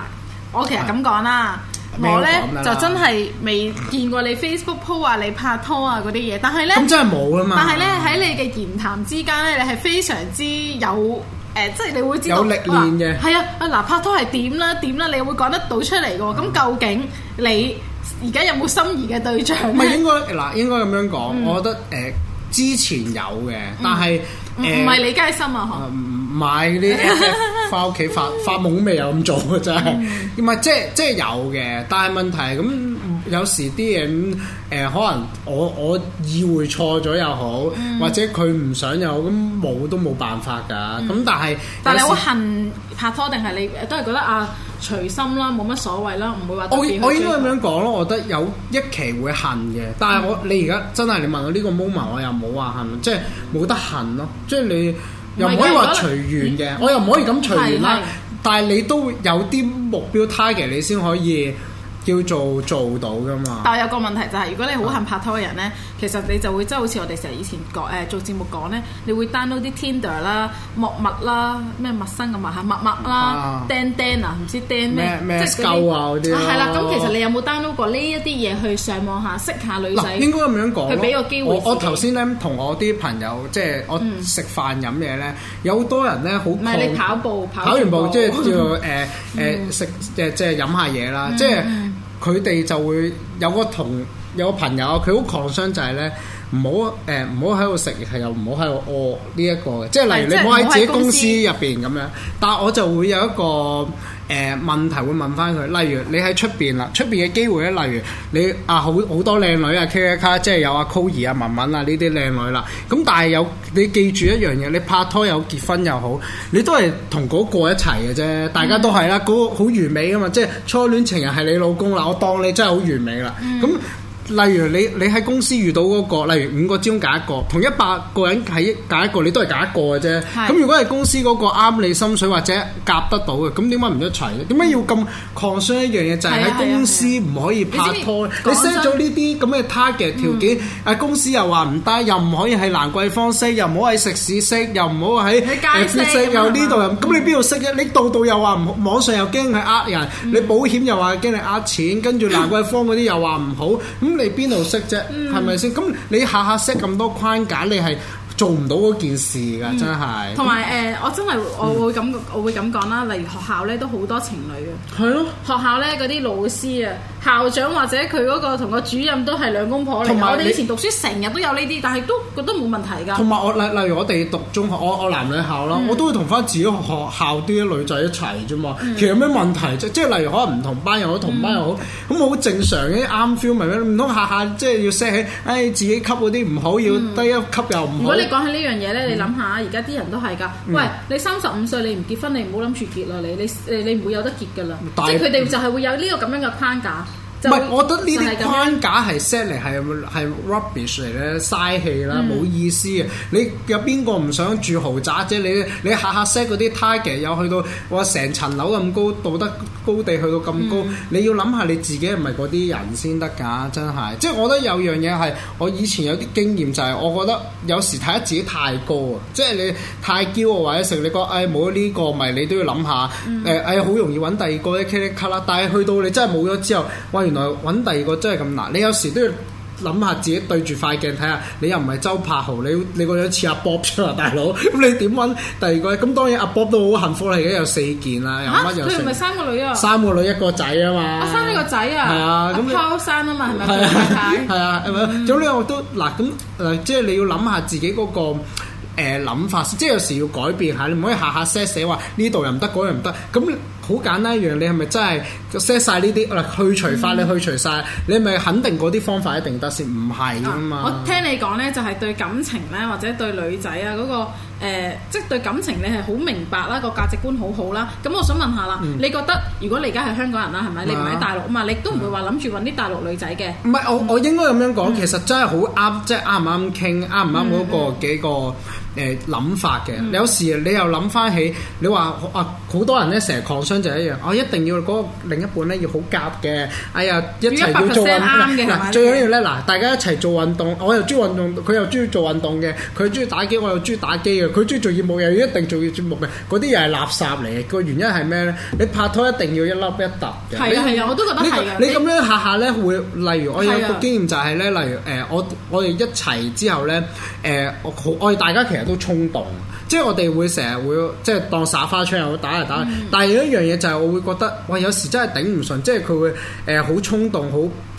嗯、我其實咁講啦，我咧就真係未見過你 Facebook 鋪啊，你拍拖啊嗰啲嘢。但係咧，咁真係冇啊嘛。但係咧喺你嘅言談之間咧，你係非常之有。誒，即係你會知有歷練嘅，係啊，嗱、啊，拍拖係點啦，點啦，你會講得到出嚟嘅喎。咁、嗯、究竟你而家有冇心儀嘅對象？唔係應該嗱，應該咁樣講，嗯、我覺得誒、呃、之前有嘅，但係唔係你家心啊？嚇唔係買啲返屋企發發夢未、嗯、有咁做嘅真係，唔係即係即係有嘅，但係問題係咁。有時啲嘢咁誒，可能我我意會錯咗又好，嗯、或者佢唔想又咁冇都冇辦法㗎。咁、嗯、但係，但係你好恨拍拖定係你都係覺得啊隨心啦，冇乜所謂啦，唔會話。我我應該咁樣講咯，我覺得有一期會恨嘅，但係我、嗯、你而家真係你問我呢個 moment，我又冇話恨，即係冇得恨咯。即係你又唔可以話隨緣嘅，我又唔可以咁隨、嗯、隨緣啦。但係你都有啲目標 target，你先可以。叫做做到㗎嘛？但係有個問題就係，如果你好恨拍拖嘅人咧，其實你就會即係好似我哋成日以前講誒做節目講咧，你會 download 啲 Tinder 啦、陌陌啦、咩陌生嘅陌下陌陌啦、釘釘啊，唔知釘咩，即係嗰啲。係啦，咁其實你有冇 download 過呢一啲嘢去上網下識下女仔？應該咁樣講。佢俾個機會。我頭先咧同我啲朋友即係我食飯飲嘢咧，有好多人咧好唔係你跑步跑完步即係叫誒誒食即係即係飲下嘢啦，即係。佢哋就會有個同有個朋友，佢好抗傷就係呢：唔好誒，唔好喺度食，而又唔好喺度餓呢一、這個嘅，即係例如你唔好喺自己公司入邊咁樣，嗯、但係我就會有一個。誒、呃、問題會問翻佢，例如你喺出邊啦，出邊嘅機會咧，例如你啊，好好多靚女啊，K KK, K 卡，即係有阿溝兒啊、文文啊呢啲靚女啦。咁但係有你記住一樣嘢，你拍拖又好，結婚又好，你都係同嗰個一齊嘅啫。大家都係啦，嗰、那個好完美噶嘛，嗯、即係初戀情人係你老公啦，我當你真係好完美啦。咁、嗯。例如你你喺公司遇到嗰個，例如五個之中揀一個，同一百個人喺揀一個，你都係揀一個嘅啫。咁如果係公司嗰個啱你心水或者夾得到嘅，咁點解唔一齊咧？點解要咁擴張一樣嘢？就係喺公司唔可以拍拖。你 set 咗呢啲咁嘅 target 條件，啊公司又話唔得，又唔可以喺蘭桂坊識，又唔好喺食肆識，又唔好喺街市識，又呢度又咁，你邊度識啫？你度度又話唔好，網上又驚佢呃人，你保險又話驚你呃錢，跟住蘭桂坊嗰啲又話唔好咁。你邊度識啫？係咪先？咁你下下 set 咁多框架，你係。做唔到嗰件事㗎，真係。同埋誒，我真係我會咁，我會咁講啦。例如學校咧都好多情侶嘅。係咯。學校咧嗰啲老師啊，校長或者佢嗰個同個主任都係兩公婆嚟。同埋我哋以前讀書成日都有呢啲，但係都覺得冇問題㗎。同埋我例例如我哋讀中學，我我男女校啦，我都會同翻自己學校啲女仔一齊啫嘛。其實有咩問題啫？即係例如可能唔同班又好，同班又好，咁好正常嘅啱 feel 咪咩？唔通下下即係要 set 起，誒自己級嗰啲唔好，要低一級又唔好。講起呢樣嘢咧，你諗下，而家啲人都係㗎。喂，你三十五歲，你唔結婚，你唔好諗住結啦，你你你唔會有得結㗎啦。但即係佢哋就係會有呢個咁樣嘅框架。唔係就，我覺得呢啲框架係 set 嚟係係 rubbish 嚟咧，嘥氣啦，冇、嗯、意思啊，你有邊個唔想住豪宅啫？你你下下 set 啲 target 又去到，哇成層樓咁高，道德高地去到咁高，嗯、你要諗下你自己係咪嗰啲人先得㗎？真係，即係我覺得有樣嘢係我以前有啲經驗就係、是、我覺得有時睇得自己太高啊，即係你太驕傲或者成，哎這個、你覺得誒冇咗呢個咪你都要諗下誒誒好容易揾第二個咧，c l i 啦。但係去到你真係冇咗之後哇！喂喂喂原來揾第二個真係咁難，你有時都要諗下自己對住塊鏡睇下，你又唔係周柏豪，你你個樣似阿 Bob 出嚟，大佬咁你點揾第二個？咁當然阿 Bob 都好幸福啦，而家有四件啦，又乜又成。吓、啊，佢唔係三個女啊？三個女一個仔啊嘛。阿生呢個仔啊。係啊，咁後生啊，啊嘛，係咪？係 (laughs) 啊，係咪？咁呢、 (laughs) 嗯，我都嗱咁，誒，即係你要諗下自己嗰、那個誒諗、呃、法，即係有時要改變下，你唔可以下下 set 死話呢度又唔得，嗰度又唔得，咁。好簡單一樣，你係咪真係 set 曬呢啲？嗱，去除法、嗯、你去除晒你係咪肯定嗰啲方法一定得先？唔係㗎嘛。我聽你講呢，就係對感情呢，或者對女仔啊嗰個即係、呃即係、對感情你係好明白啦，個價值觀好好啦。咁我想問，問下啦，嗯、你覺得如果你而家係香港人啦，係咪？你唔喺大陸啊嘛，你都唔會話諗住揾啲大陸女仔嘅。唔係，我我應該咁樣講，嗯、其實真係好啱，即係啱唔啱傾，啱唔啱嗰個幾個。嗯嗯誒諗法嘅，嗯、 (noise) 有時你又諗翻起，你話啊好多人咧成日抗雙就係一樣，我、啊、一定要嗰另一半咧要好夾嘅，哎呀一齊要做運動。最緊要咧嗱，大家一齊做運動，我又中意運動，佢又中意做運動嘅，佢中意打機，我又中意打機嘅，佢中意做業務又要一定要做業務嘅，嗰啲又係垃圾嚟嘅。個原因係咩咧？你拍拖一定要一凹一凸嘅。係啊係你啊，我都覺得係啊。你咁樣下下咧會，例如我有個經驗就係、是、咧，例如誒是、啊呃、我我哋一齊之後咧，誒、呃、我好我，我，我大家其實。都衝動，即係我哋會成日會即係當耍花槍，又會打嚟打去。嗯、但係有一樣嘢就係我會覺得，喂，有時真係頂唔順，即係佢會誒好、呃、衝動，好。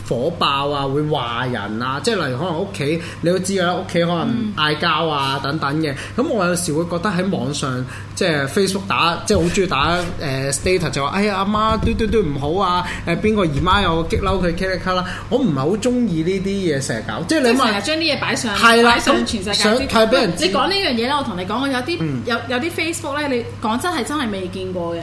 火爆啊，會話人啊，即係例如可能屋企，你都知啦，屋企可能嗌交啊等等嘅。咁我有時會覺得喺網上即係 Facebook 打，嗯、即係好中意打誒、呃、status 就話哎呀阿媽嘟嘟嘟唔好啊！誒、呃、邊個姨媽有激嬲佢 character 啦！我唔係好中意呢啲嘢成日搞，即係你成日將啲嘢擺上，係啦，咁上係俾人。你講呢樣嘢咧，我同你講我有啲有有啲 Facebook 咧，你講真係真係未見過嘅。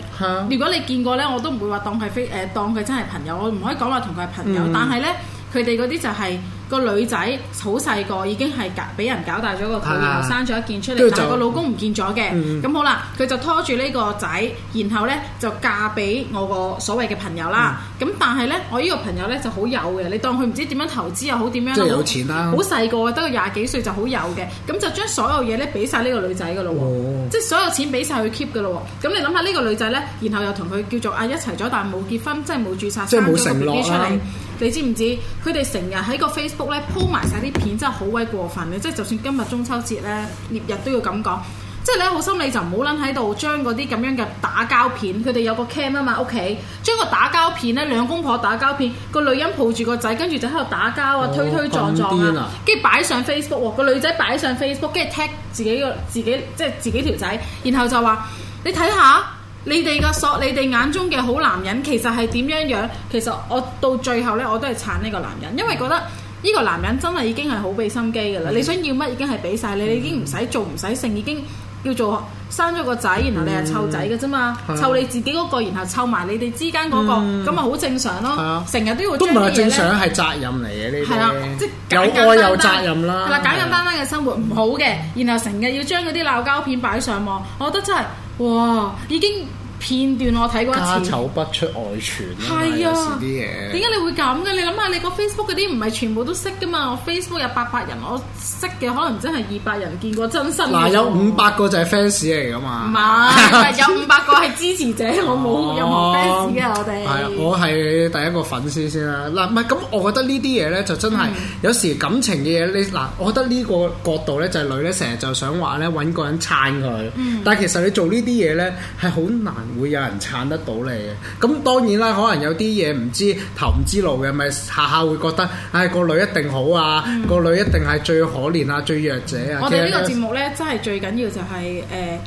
如果你見過咧，我都唔會話當佢非誒當佢真係朋友，我唔可以講話同佢係朋友，但係。係咧，佢哋嗰啲就係。個女仔好細個，已經係搞俾人搞大咗個肚，然後生咗一件出嚟，但個老公唔見咗嘅。咁好啦，佢就拖住呢個仔，然後呢就嫁俾我個所謂嘅朋友啦。咁但係呢，我呢個朋友呢就好有嘅，你當佢唔知點樣投資又好點樣，即係有錢啦。好細個，得個廿幾歲就好有嘅。咁就將所有嘢呢俾晒呢個女仔㗎咯喎，即係所有錢俾晒佢 keep 㗎咯喎。咁你諗下呢個女仔呢，然後又同佢叫做啊一齊咗，但係冇結婚，即係冇註冊，生咗個 BB 出嚟。你知唔知？佢哋成日喺個 face f 鋪埋晒啲片真係好鬼過分嘅，即係就算今日中秋節呢，日，日都要咁講。即係你好心你就唔好撚喺度將嗰啲咁樣嘅打交片，佢哋有個 cam 啊嘛屋企，將個打交片呢，兩公婆打交片，個女人抱住個仔，跟住就喺度打交啊，哦、推推撞撞啊，跟住擺上 Facebook 喎、哦，個女仔擺上 Facebook，跟住 tag 自己個自己，即係自己條仔，然後就話你睇下你哋嘅索，你哋眼中嘅好男人其實係點樣樣？其實我到最後呢，我都係撐呢個男人，因為覺得。呢個男人真係已經係好俾心機嘅啦，嗯、你想要乜已經係俾晒你，嗯、你已經唔使做唔使剩，已經叫做生咗個仔，然後你係湊仔嘅啫嘛，湊、嗯、你自己嗰、嗰個，然後湊埋你哋之間嗰、嗰個，咁咪好正常咯。成日、嗯、都要都唔係正常，係責任嚟嘅呢啲。有愛有責任啦。嗱，簡簡單單嘅生活唔、啊、好嘅，然後成日要將嗰啲鬧交片擺上網，我覺得真係哇，已經～片段我睇過一次。家醜不出外傳，係啊，有時啲嘢點解你會咁嘅？你諗下，你個 Facebook 嗰啲唔係全部都識噶嘛？我 Facebook 有八百人，我識嘅可能真係二百人見過真身。嗱、啊，有五百個就係 fans 嚟噶嘛？唔係、啊，有五百個係 (laughs) 支持者， (laughs) 我冇任何 fans 嘅我哋。係啊，我係、啊啊、第一個粉絲先啦。嗱、啊，唔係咁，我覺得呢啲嘢咧就真係有時感情嘅嘢。你嗱，我覺得呢個角度咧就係女咧成日就想話咧揾個人撐佢。嗯。但係其實你做呢啲嘢咧係好難。會有人撐得到你嘅，咁當然啦，可能有啲嘢唔知頭唔知路嘅，咪下下會覺得，唉、哎，個女一定好啊，嗯、個女一定係最可憐啊，最弱者啊。我哋呢個節目呢，就係、真係最緊要就係、係、誒。呃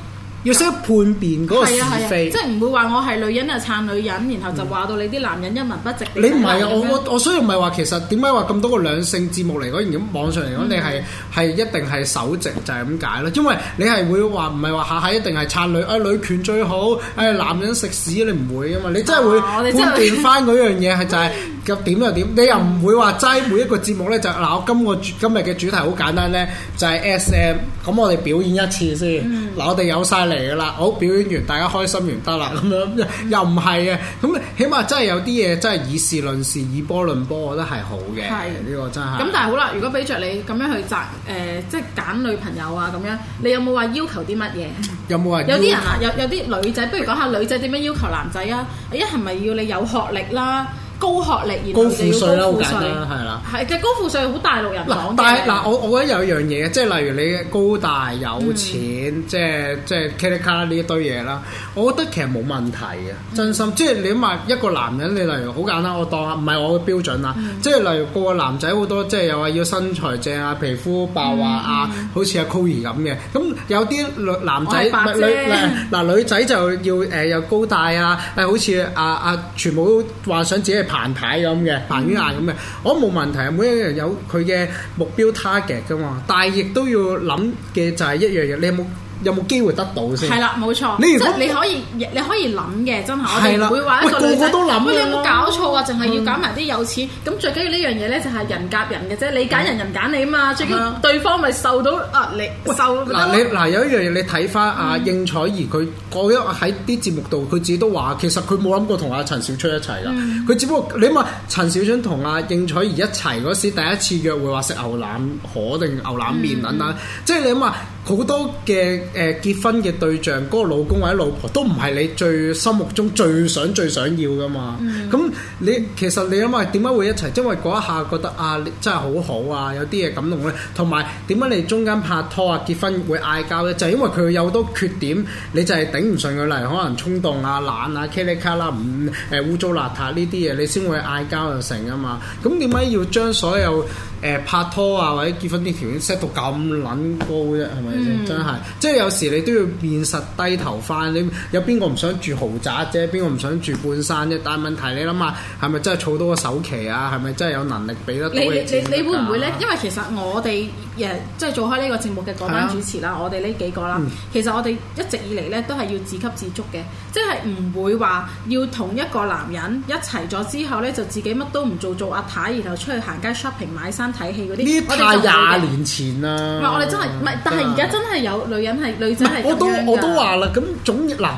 要識得判別嗰個非是非，即係唔會話我係女人就撐女人，然後就話到你啲男人一文不值，啊樣。你唔係啊！我我我所以唔係話其實點解話咁多個兩性節目嚟講，而咁網上嚟講，你係係一定係首席，就係咁解咯。因為你係會話唔係話下下一定係撐女啊、哎、女權最好，誒、哎、男人食屎你唔會啊嘛！你真係會判斷翻嗰樣嘢係就係咁點又點？你又唔會話齋每一個節目咧就嗱、是啊、我今個今日嘅主題好簡單咧、啊，就係 SM。咁我哋表演一次先嗱，啊啊、我哋、啊、有曬。 (laughs) 嚟噶啦，好表演完，大家開心完得啦，咁樣又唔係嘅，咁起碼真係有啲嘢真係以事論事，以波論波，我覺得係好嘅。係呢是個真係。咁但係好啦，如果俾着你咁樣去揀，誒、呃，即係揀女朋友啊，咁樣，你有冇話要求啲乜嘢？有冇話要求？有啲人啊，有有啲女仔，不如講下女仔點樣要求男仔啊？一係咪要你有學歷啦？高學歷，然後就要高富帥啦，好簡單，係啦，係，其實高富帥好 (noise) 大陸人嗱，但係嗱，我我覺得有一樣嘢，即係例如你高大有錢，嗯、即係即係 Kylie、card 呢一堆嘢啦。我覺得其實冇問題嘅，嗯、真心。即係你話一個男人，你例如好簡單，我當唔係我嘅標準啊，嗯、即係例如個個男仔好多，即係又話要身材正啊、皮膚爆啊啊，好似阿 Kohi 咁嘅。咁有啲女男仔，唔嗱女仔就要誒又高大啊，誒好似阿阿全部都話想自己。牌牌咁嘅，眼眼咁嘅，我冇、 (noise) 哦、問題。每一日有佢嘅目標 target 噶嘛，但係亦都要諗嘅就係一樣嘢，你有冇？有冇機會得到先？係啦，冇錯。你而你可以你可以諗嘅，真係我哋唔會話一個女仔。餵，個個都諗，你有冇搞錯啊？淨係要揀埋啲有錢？咁最緊要呢樣嘢咧，就係人夾人嘅啫。你揀人，人揀你啊嘛！最緊對方咪受到壓力，受嗱你嗱有一樣嘢，你睇翻阿應采兒佢嗰一喺啲節目度，佢自己都話，其實佢冇諗過同阿陳小春一齊噶。佢只不過你諗下，陳小春同阿應采兒一齊嗰時第一次約會話食牛腩河定牛腩麵等等，即係你諗下。好多嘅誒結婚嘅對象，嗰個老公或者老婆都唔係你最心目中最想最想要噶嘛。咁、嗯、你其實你諗下點解會一齊，因為嗰一下覺得啊，你真係好好啊，有啲嘢感動咧。同埋點解你中間拍拖啊結婚會嗌交咧？就係、是、因為佢有好多缺點，你就係頂唔順佢嚟，例如可能衝動啊懶啊 c a l 卡啦，唔誒污糟邋遢呢啲嘢，你先會嗌交就成啊嘛。咁點解要將所有誒、呃、拍拖啊或者結婚啲條件 set 到咁捻高啫？係咪？嗯、真係，即係有時你都要現實低頭翻。你有邊個唔想住豪宅啫？邊個唔想住半山啫？但係問題你諗下，係咪真係儲到個首期啊？係咪真係有能力俾得你、啊你？你你你會唔會咧？因為其實我哋誒即係做開呢個節目嘅嗰班主持啦，啊、我哋呢幾個啦，嗯、其實我哋一直以嚟咧都係要自給自足嘅，即係唔會話要同一個男人一齊咗之後咧就自己乜都唔做，做阿太，然後出去行街 shopping 買衫睇戲嗰啲。呢太廿年前啦。唔係我哋、嗯、真係唔係，但係。而家真係有女人係，女仔係。我都我都話啦，咁總嗱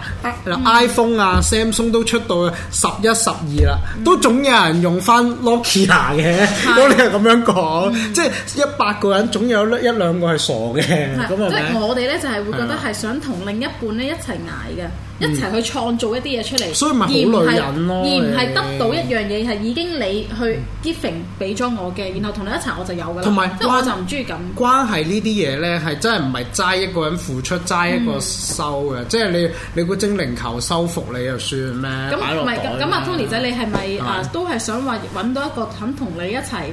嗱 iPhone 啊、Samsung 都出到十一十二啦，11, 嗯、都總有人用翻 Nokia 嘅，如果你係咁樣講，嗯、即係一百個人總有一一兩個係傻嘅，咁係咪？即係我哋咧就係、是、會覺得係想同另一半咧一齊捱嘅。一齊去創造一啲嘢出嚟，所以咪好女人咯。而唔係你得到一樣嘢係已經你去 gifting 俾咗我嘅，然後同你一齊我就有㗎啦。同埋我就唔中意咁關係呢啲嘢咧，係真係唔係齋一個人付出，齋一個收嘅。嗯、即係你你個精靈球收服你就算咩？咁唔係咁啊，Tony 仔，你係咪、嗯、啊都係想話揾到一個肯同你一齊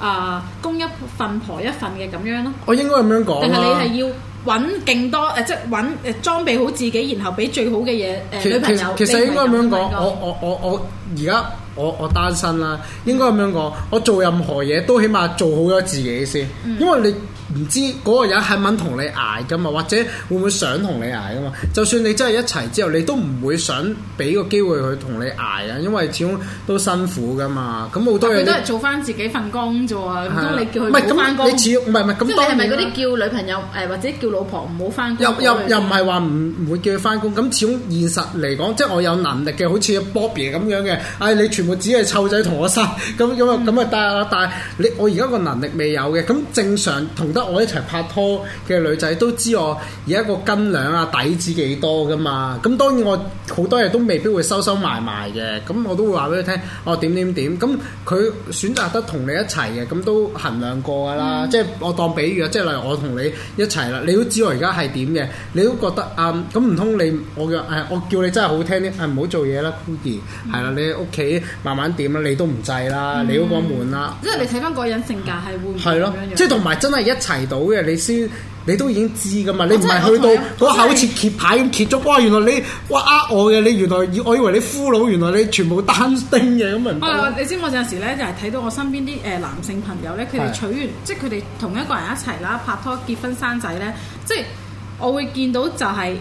啊，公一份婆一份嘅咁樣咯？我應該咁樣講。定係你係要。揾勁多誒、呃，即係揾誒裝備好自己，然後俾最好嘅嘢誒女朋友。其實其實應該咁樣講，我我我我而家我我單身啦，應該咁樣講，我做任何嘢都起碼做好咗自己先，因為你。嗯唔知嗰個人係咪同你捱噶嘛，或者會唔會想同你捱噶嘛？就算你真係一齊之後，你都唔會想俾個機會佢同你捱啊，因為始終都辛苦噶嘛。咁好多嘢都係做翻自己份工啫喎。咁的你叫佢唔好翻工。你始終唔係唔係咁。即係你係咪嗰啲叫女朋友誒，或者叫老婆唔好翻工？又又又唔係話唔唔會叫佢翻工。咁始終現實嚟講，即係我有能力嘅，好似 Bobby 咁樣嘅。唉、哎，你全部只係湊仔同我生咁咁啊咁啊，但係、嗯、你我而家個能力未有嘅。咁正常同。得我一齊拍拖嘅女仔都知我而家個斤兩啊，底子幾多噶嘛。咁當然我好多嘢都未必會收收埋埋嘅，咁我都會話俾佢聽哦，點點點。咁佢選擇得同你一齊嘅，咁都衡量過噶啦。嗯、即係我當比喻啊，即係例如我同你一齊啦，你都知我而家係點嘅，你都覺得啊，咁唔通你我嘅，我叫你真係好聽啲，啊，唔好做嘢啦，Kuki，係啦，你屋企慢慢點啦，你都唔制啦，嗯、你都講悶啦。即係你睇翻個人性格係會係咯，即係同埋真係一。提到嘅，你先你都已經知㗎嘛？哦、你唔係去到嗰下好似揭牌咁揭咗，哇、嗯哦！原來你哇呃我嘅，你原來我以為你俘虜，原來你全部單丁嘅咁啊！你知我有陣時咧，就係睇到我身邊啲誒男性朋友咧，佢哋娶完，是的 即係佢哋同一個人一齊啦，拍拖結婚生仔咧，即係我會見到就係、是。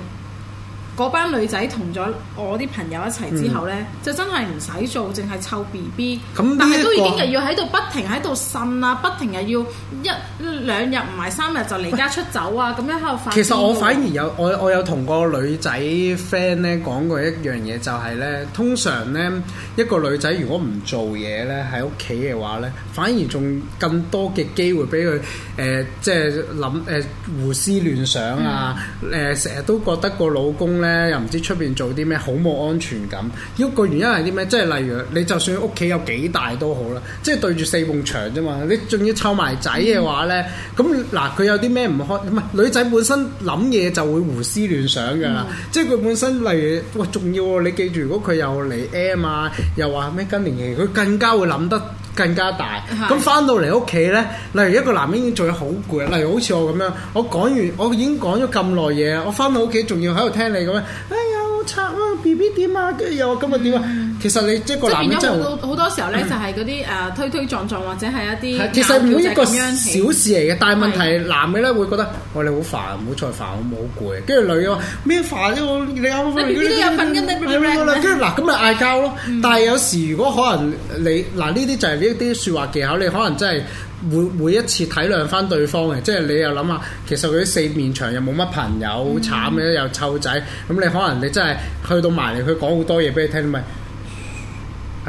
班女仔同咗我啲朋友一齊之後咧，就真係唔使做，淨係湊 B B，但係都已經又要喺度不停喺度呻啊，不停又要一兩日唔係三日就離家出走啊！咁樣喺度發其實我反而有言我我有同個女仔 friend 咧講過一樣嘢，就係、是、咧，通常咧一個女仔如果唔做嘢咧喺屋企嘅話咧，反而仲更多嘅機會俾佢誒即係諗誒胡思亂想啊！誒成日都覺得個老公咧。又唔知出邊做啲咩，好冇安全感。一個原因係啲咩？即係例如你就算屋企有幾大都好啦，即係對住四埲牆啫嘛。你仲要湊埋仔嘅話呢。咁嗱佢有啲咩唔開？唔係女仔本身諗嘢就會胡思亂想㗎啦。嗯、即係佢本身例如喂，重要喎、啊，你記住，如果佢又嚟 M 啊，又話咩更年期，佢更加會諗得更加大，咁翻的到嚟屋企咧，例如一個男人已經做咗好攰，例如好似我咁樣，我講完，我已經講咗咁耐嘢，我翻到屋企仲要喺度聽你咁樣，哎呀測啊，B B 點啊，有啊，今日點啊？嗯、其實你即係個男人係好多，多時候咧，嗯、就係嗰啲誒推推撞撞或者係一啲其實每一個小事嚟嘅，的但係問題男嘅咧會覺得我哋好煩，唔好再煩，好唔好攰。跟住女嘅話咩煩啫，我你啱啱。你都有份嘅，你跟住嗱咁咪嗌交咯。嗯、但係有時如果可能你嗱呢啲就係呢一啲説話技巧，你可能真係。每每一次體諒翻對方嘅，即係你又諗下，其實佢啲四面牆又冇乜朋友，嗯、慘嘅又湊仔，咁、嗯、你可能你真係去到埋嚟，佢講好多嘢俾你聽，咪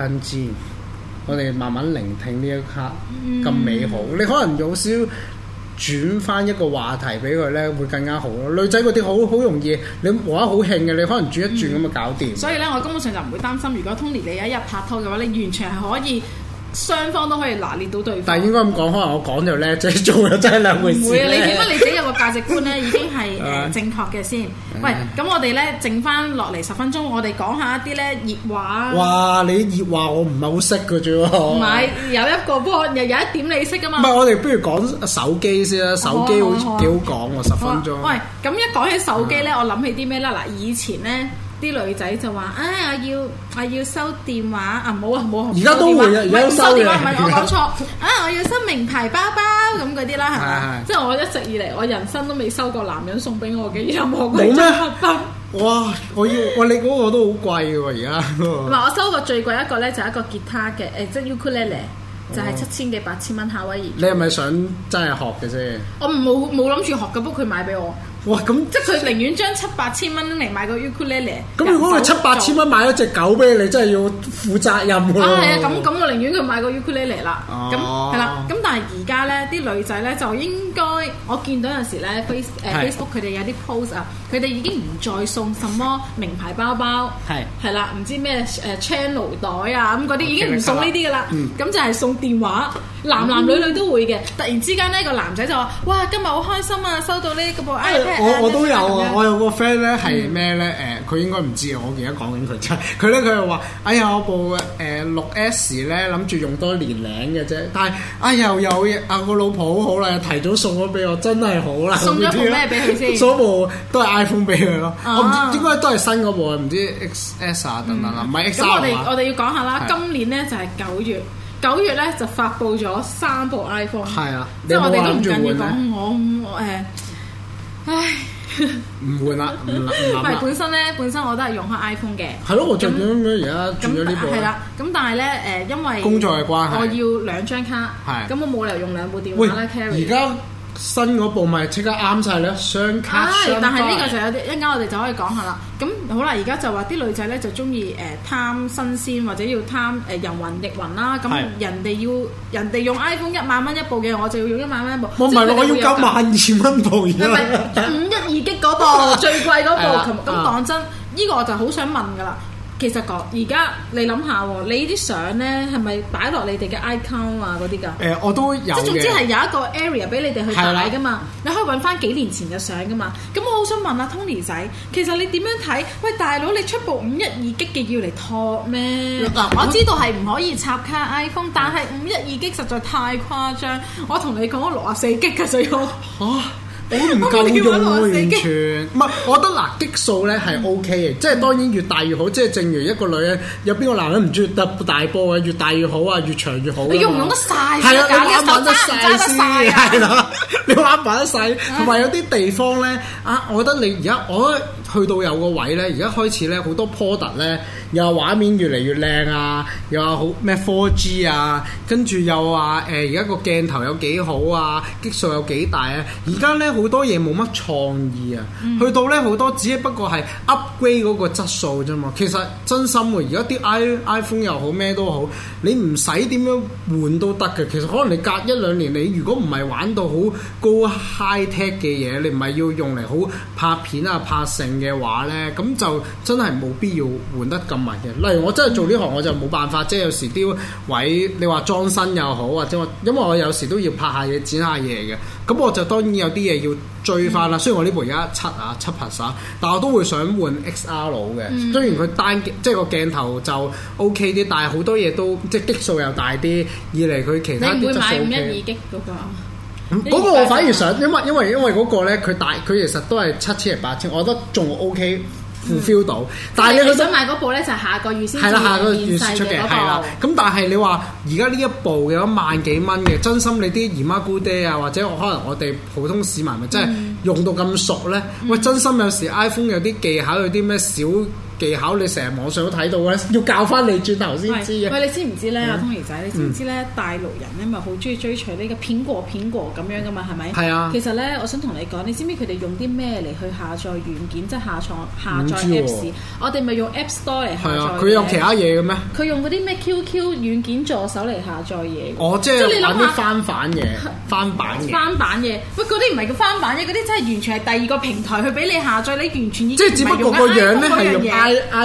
唔知。我哋慢慢聆聽呢一刻咁美好。嗯、你可能有少轉翻一個話題俾佢呢，會更加好咯。女仔嗰啲好好容易，你玩好興嘅，你可能轉一轉咁啊搞掂。嗯、所以呢，我根本上就唔會擔心，如果 Tony 你有一日拍拖嘅話，你完全係可以。雙方都可以拿捏到對方，但係應該咁講，可能我講就叻，即係做就真係兩回事。唔會啊，你點解你自己有個價值觀咧， (laughs) 已經係誒正確嘅先。嗯、喂，咁我哋咧剩翻落嚟十分鐘，我哋講下一啲咧熱話啊。哇！你熱話我唔係好識嘅啫喎。唔係有一個，波，又有一點你識噶嘛。唔係，我哋不如講手機先啦，手機、哦、好似幾好講喎，十分鐘。喂，咁、okay，一講起手機咧，嗯、我諗起啲咩啦？嗱，以前咧。啲女仔就話，唉、哎，我要我要收電話，啊，好，啊好。而家都，而家喂收電話唔係我講錯，啊，我要收名牌包包咁嗰啲啦，係嘛？係係係即係我一直以嚟，我人生都未收過男人送俾我嘅任何嘢。冇咩盒包，哇！我要喂你嗰個都好貴嘅喎，而家。同、哦、我收過最貴一個咧，就係一個吉他嘅，誒、呃，即係 ukulele，就係七千幾八千蚊夏威夷。你係咪想真係學嘅啫？我冇冇諗住學嘅，不過佢買俾我。哇！咁即係佢寧願將七八千蚊嚟買個 ukulele，咁如果佢七八千蚊買咗隻狗俾你，你真係要負責任喎、啊。啊，咁咁、啊、我寧願佢買個 ukulele 啦。哦、啊。咁係啦。咁但係而家咧，啲女仔咧就應該，我見到有時咧，face 誒、呃、Facebook 佢哋有啲 post 啊是，佢哋已經唔再送什麼名牌包包，係係啦，唔、啊、知咩誒 channel 袋啊咁嗰啲已經唔送呢啲噶啦。咁、嗯、就係送電話。男男女女都會嘅，突然之間呢個男仔就話：哇，今日好開心啊！收到呢個部 iPad、啊、我我都有啊，咁樣我有個 friend 咧係咩咧？誒、嗯，佢、呃、應該唔知啊，我而家講緊佢啫。佢咧佢又話：哎呀，我部誒六、呃、S 咧，諗住用多年零嘅啫。但係，哎呀有啊，我老婆好好啦，提早送咗俾我，真係好啦。送咗部咩俾佢先？送咗 (laughs) 部都係 iPhone 俾佢咯。啊、我唔知應該都係新嗰部，唔知 X、S 啊等等啦，唔係、嗯、X 三啊，咁我哋我哋要講下啦，是 今年咧就係、是、九月。九月咧就發布咗三部 iPhone，即係我哋都唔緊要講我誒，唉，唔換啦，唔係本身咧，本身我都係用開 iPhone 嘅，係咯，我做咗而家做咗呢部，係啦，咁但係咧誒，因為工作嘅關係，我要兩張卡，係，咁我冇理由用兩部電話啦，carry 而家。新嗰部咪即刻啱晒咧，雙卡，但係呢個就有啲一陣間，我哋就可以講下啦。咁好啦，而家就話啲女仔咧就中意誒貪新鮮或者要貪誒人云亦云啦。咁人哋要人哋用 iPhone 一萬蚊一部嘅，我就要用一萬蚊一部。冇唔係咯，我要九萬二千蚊部。而家係五一二擊嗰部最貴嗰部，咁講真，呢個我就好想問噶啦。其實講而家你諗下喎，你啲相咧係咪擺落你哋嘅 icon 啊嗰啲㗎？誒、呃，我都有。即係總之係有一個 area 俾你哋去擺㗎嘛，對了 你可以揾翻幾年前嘅相㗎嘛。咁我好想問下、啊、Tony 仔，其實你點樣睇？喂，大佬，你出部五一二激嘅要嚟託咩？我知道係唔可以插卡 iPhone，但係五一二激實在太誇張。我同你講，六啊四激嘅最好嚇。 (laughs) 我唔、欸、夠用啊！完全唔係， (laughs) 我覺得嗱， (laughs) 激素咧係 O K 嘅，OK、 (laughs) 即係當然越大越好，即係正如一個女人，有邊個男人唔中意大大波嘅，越大越好啊，越長越好。你 (laughs) 用唔用得晒？係啊對，的你玩玩得晒先，係咯，啊、是的 (laughs) 你玩玩得晒？同埋 (laughs) 有啲地方咧，啊，我覺得你而家我覺得去到有個位咧，而家開始咧好多 product 咧。又畫面越嚟越靚啊，又有好咩 four G 啊，跟住又話誒，而家個鏡頭有幾好啊，像素有幾大啊，而家咧好多嘢冇乜創意啊，嗯、去到咧好多只不過係 upgrade 嗰個質素啫嘛，其實真心，而家啲 i iPhone 又好咩都好，你唔使點樣換都得嘅，其實可能你隔一兩年，你如果唔係玩到好高 high tech 嘅嘢，你唔係要用嚟好拍片啊拍成嘅話咧，咁就真係冇必要換得咁。例如我真係做呢行，我就冇辦法，嗯、即係有時啲位你話裝身又好，或者我因為我有時都要拍下嘢、剪下嘢嘅，咁我就當然有啲嘢要追翻啦。嗯、雖然我呢部而家七啊七拍沙，但我都會想換 X R 老嘅。嗯、雖然佢單鏡，即係個鏡頭就 O K 啲，但係好多嘢都即係 Gig 數又大啲，二嚟佢其他、你唔買五一二 G 嗰個？嗰個我反而想，因為因為因為嗰個佢大佢其實都係七千定八千，我覺得仲 O K。feel、嗯、到，嗯、但係你，你想買嗰部咧，就是、下個月先出嘅，嗰部。咁但係你話而家呢一部有一萬幾蚊嘅，真心你啲姨媽姑爹啊，或者可能我哋普通市民咪真係用到咁熟咧？嗯、喂，真心有時 iPhone 有啲技巧，有啲咩小技巧你成日網上都睇到嘅，要教翻你轉頭先知。喂，你知唔知咧，阿通兒仔，你知唔知咧？大陸人咧咪好中意追隨呢個蘋果蘋果咁樣噶嘛？係咪？係啊。其實咧，我想同你講，你知唔知佢哋用啲咩嚟去下載軟件？即係下載下載 Apps。我哋咪用 App Store 嚟下載。佢用其他嘢嘅咩？佢用嗰啲咩 QQ 軟件助手嚟下載嘢。哦，即係你諗下翻版嘢，翻版嘅。翻版嘢，喂，嗰啲唔係叫翻版嘅，嗰啲真係完全係第二個平台去俾你下載，你完全已經即係只不過個樣咧係用。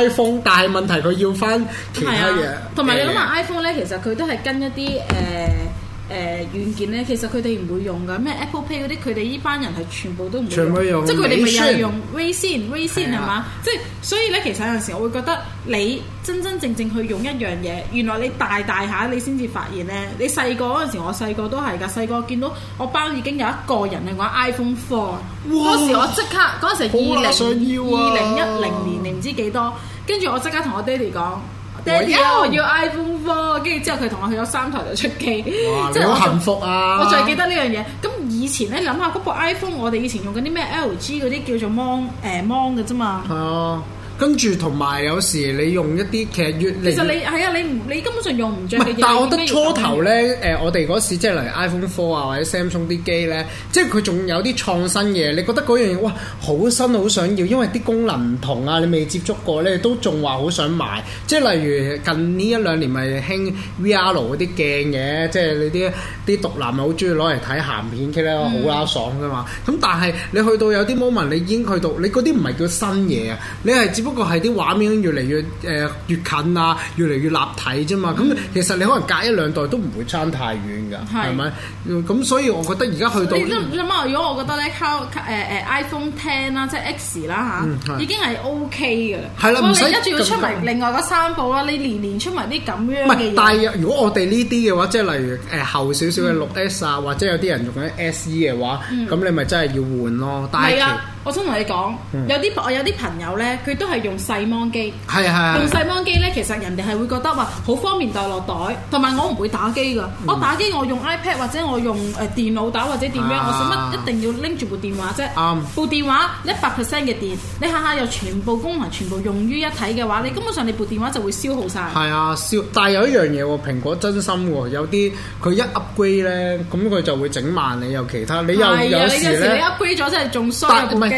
iPhone，但係問題佢要翻其他嘢，同埋、啊欸、你諗下 iPhone 咧，其實佢都係跟一啲誒。呃誒、呃、軟件咧，其實佢哋唔會用噶，咩 Apple Pay 嗰啲，佢哋依班人係全部都唔會用，用，用，即係佢哋咪又用微信，微信係嘛？即係、啊就是、所以咧，其實有陣時我會覺得你真真正正去用一樣嘢，原來你大大下你先至發現咧。你細個嗰陣時，我細個都係噶，細個見到我班已經有一個人係玩 iPhone Four，嗰哇時我即刻嗰時二零二零一零年，你唔知幾多，跟住我即刻同我爹哋講。Daddy 我要 iPhone 4，跟住之後佢同我去咗三台度出機，哇真係是好幸福啊！我最記得呢樣嘢。咁以前咧，諗下嗰部 iPhone，我哋以前用緊啲咩 LG 嗰啲叫做 mon 誒 mon 嘅啫嘛。係啊。跟住同埋有時你用一啲其實越，越，其實你係啊，你唔你，你根本上用唔着嘅。唔係，但係我覺得初頭咧，誒、呃、我哋嗰時即係嚟 iPhone Four 啊或者 Samsung 啲機咧，即係佢仲有啲創新嘢。你覺得嗰樣嘢哇，好新好想要，因為啲功能唔同啊，你未接觸過咧，都仲話好想買，即係例如近呢一兩年咪興 VR 嗰啲鏡嘅，即係你啲啲毒男咪好中意攞嚟睇鹹片嘅咧，好拉爽噶嘛。咁、嗯、但係你去到有啲 moment，你已經去到你嗰啲唔係叫新嘢啊，你係。只不。不過係啲畫面越嚟越誒、呃、越近啊，越嚟越立體啫嘛。咁、嗯、其實你可能隔一兩代都唔會差太遠噶，係咪是？咁、嗯、所以我覺得而家去到，諗諗如果我覺得咧，誒、呃、iPhone Ten 啦、啊，即係 X 啦吓，已經係 OK 噶啦。係啦、啊，唔使一定要出埋另外嗰三部啦。啊、你年年出埋啲咁樣嘅但係如果我哋呢啲嘅話，即係例如誒厚少少嘅六 S 啊、嗯， 或者有啲人用啲 SE 嘅話，咁、嗯、你咪真係要換咯。係啊。我想同你講，有啲我有啲朋友咧，佢都係用細芒機，係係用細芒機咧，其實人哋係會覺得話好方便袋落袋，同埋我唔會打機㗎，我打機我用 iPad 或者我用誒電腦打或者點樣，我使乜一定要拎住部電話啫？啱部電話一百 percent 嘅電，你下下又全部功能全部用於一體嘅話，你根本上你部電話就會消耗晒。係啊，消，但係有一樣嘢喎，蘋果真心喎，有啲佢一 upgrade 咧，咁佢就會整慢你又其他，你又有時你 upgrade 咗真係仲衰。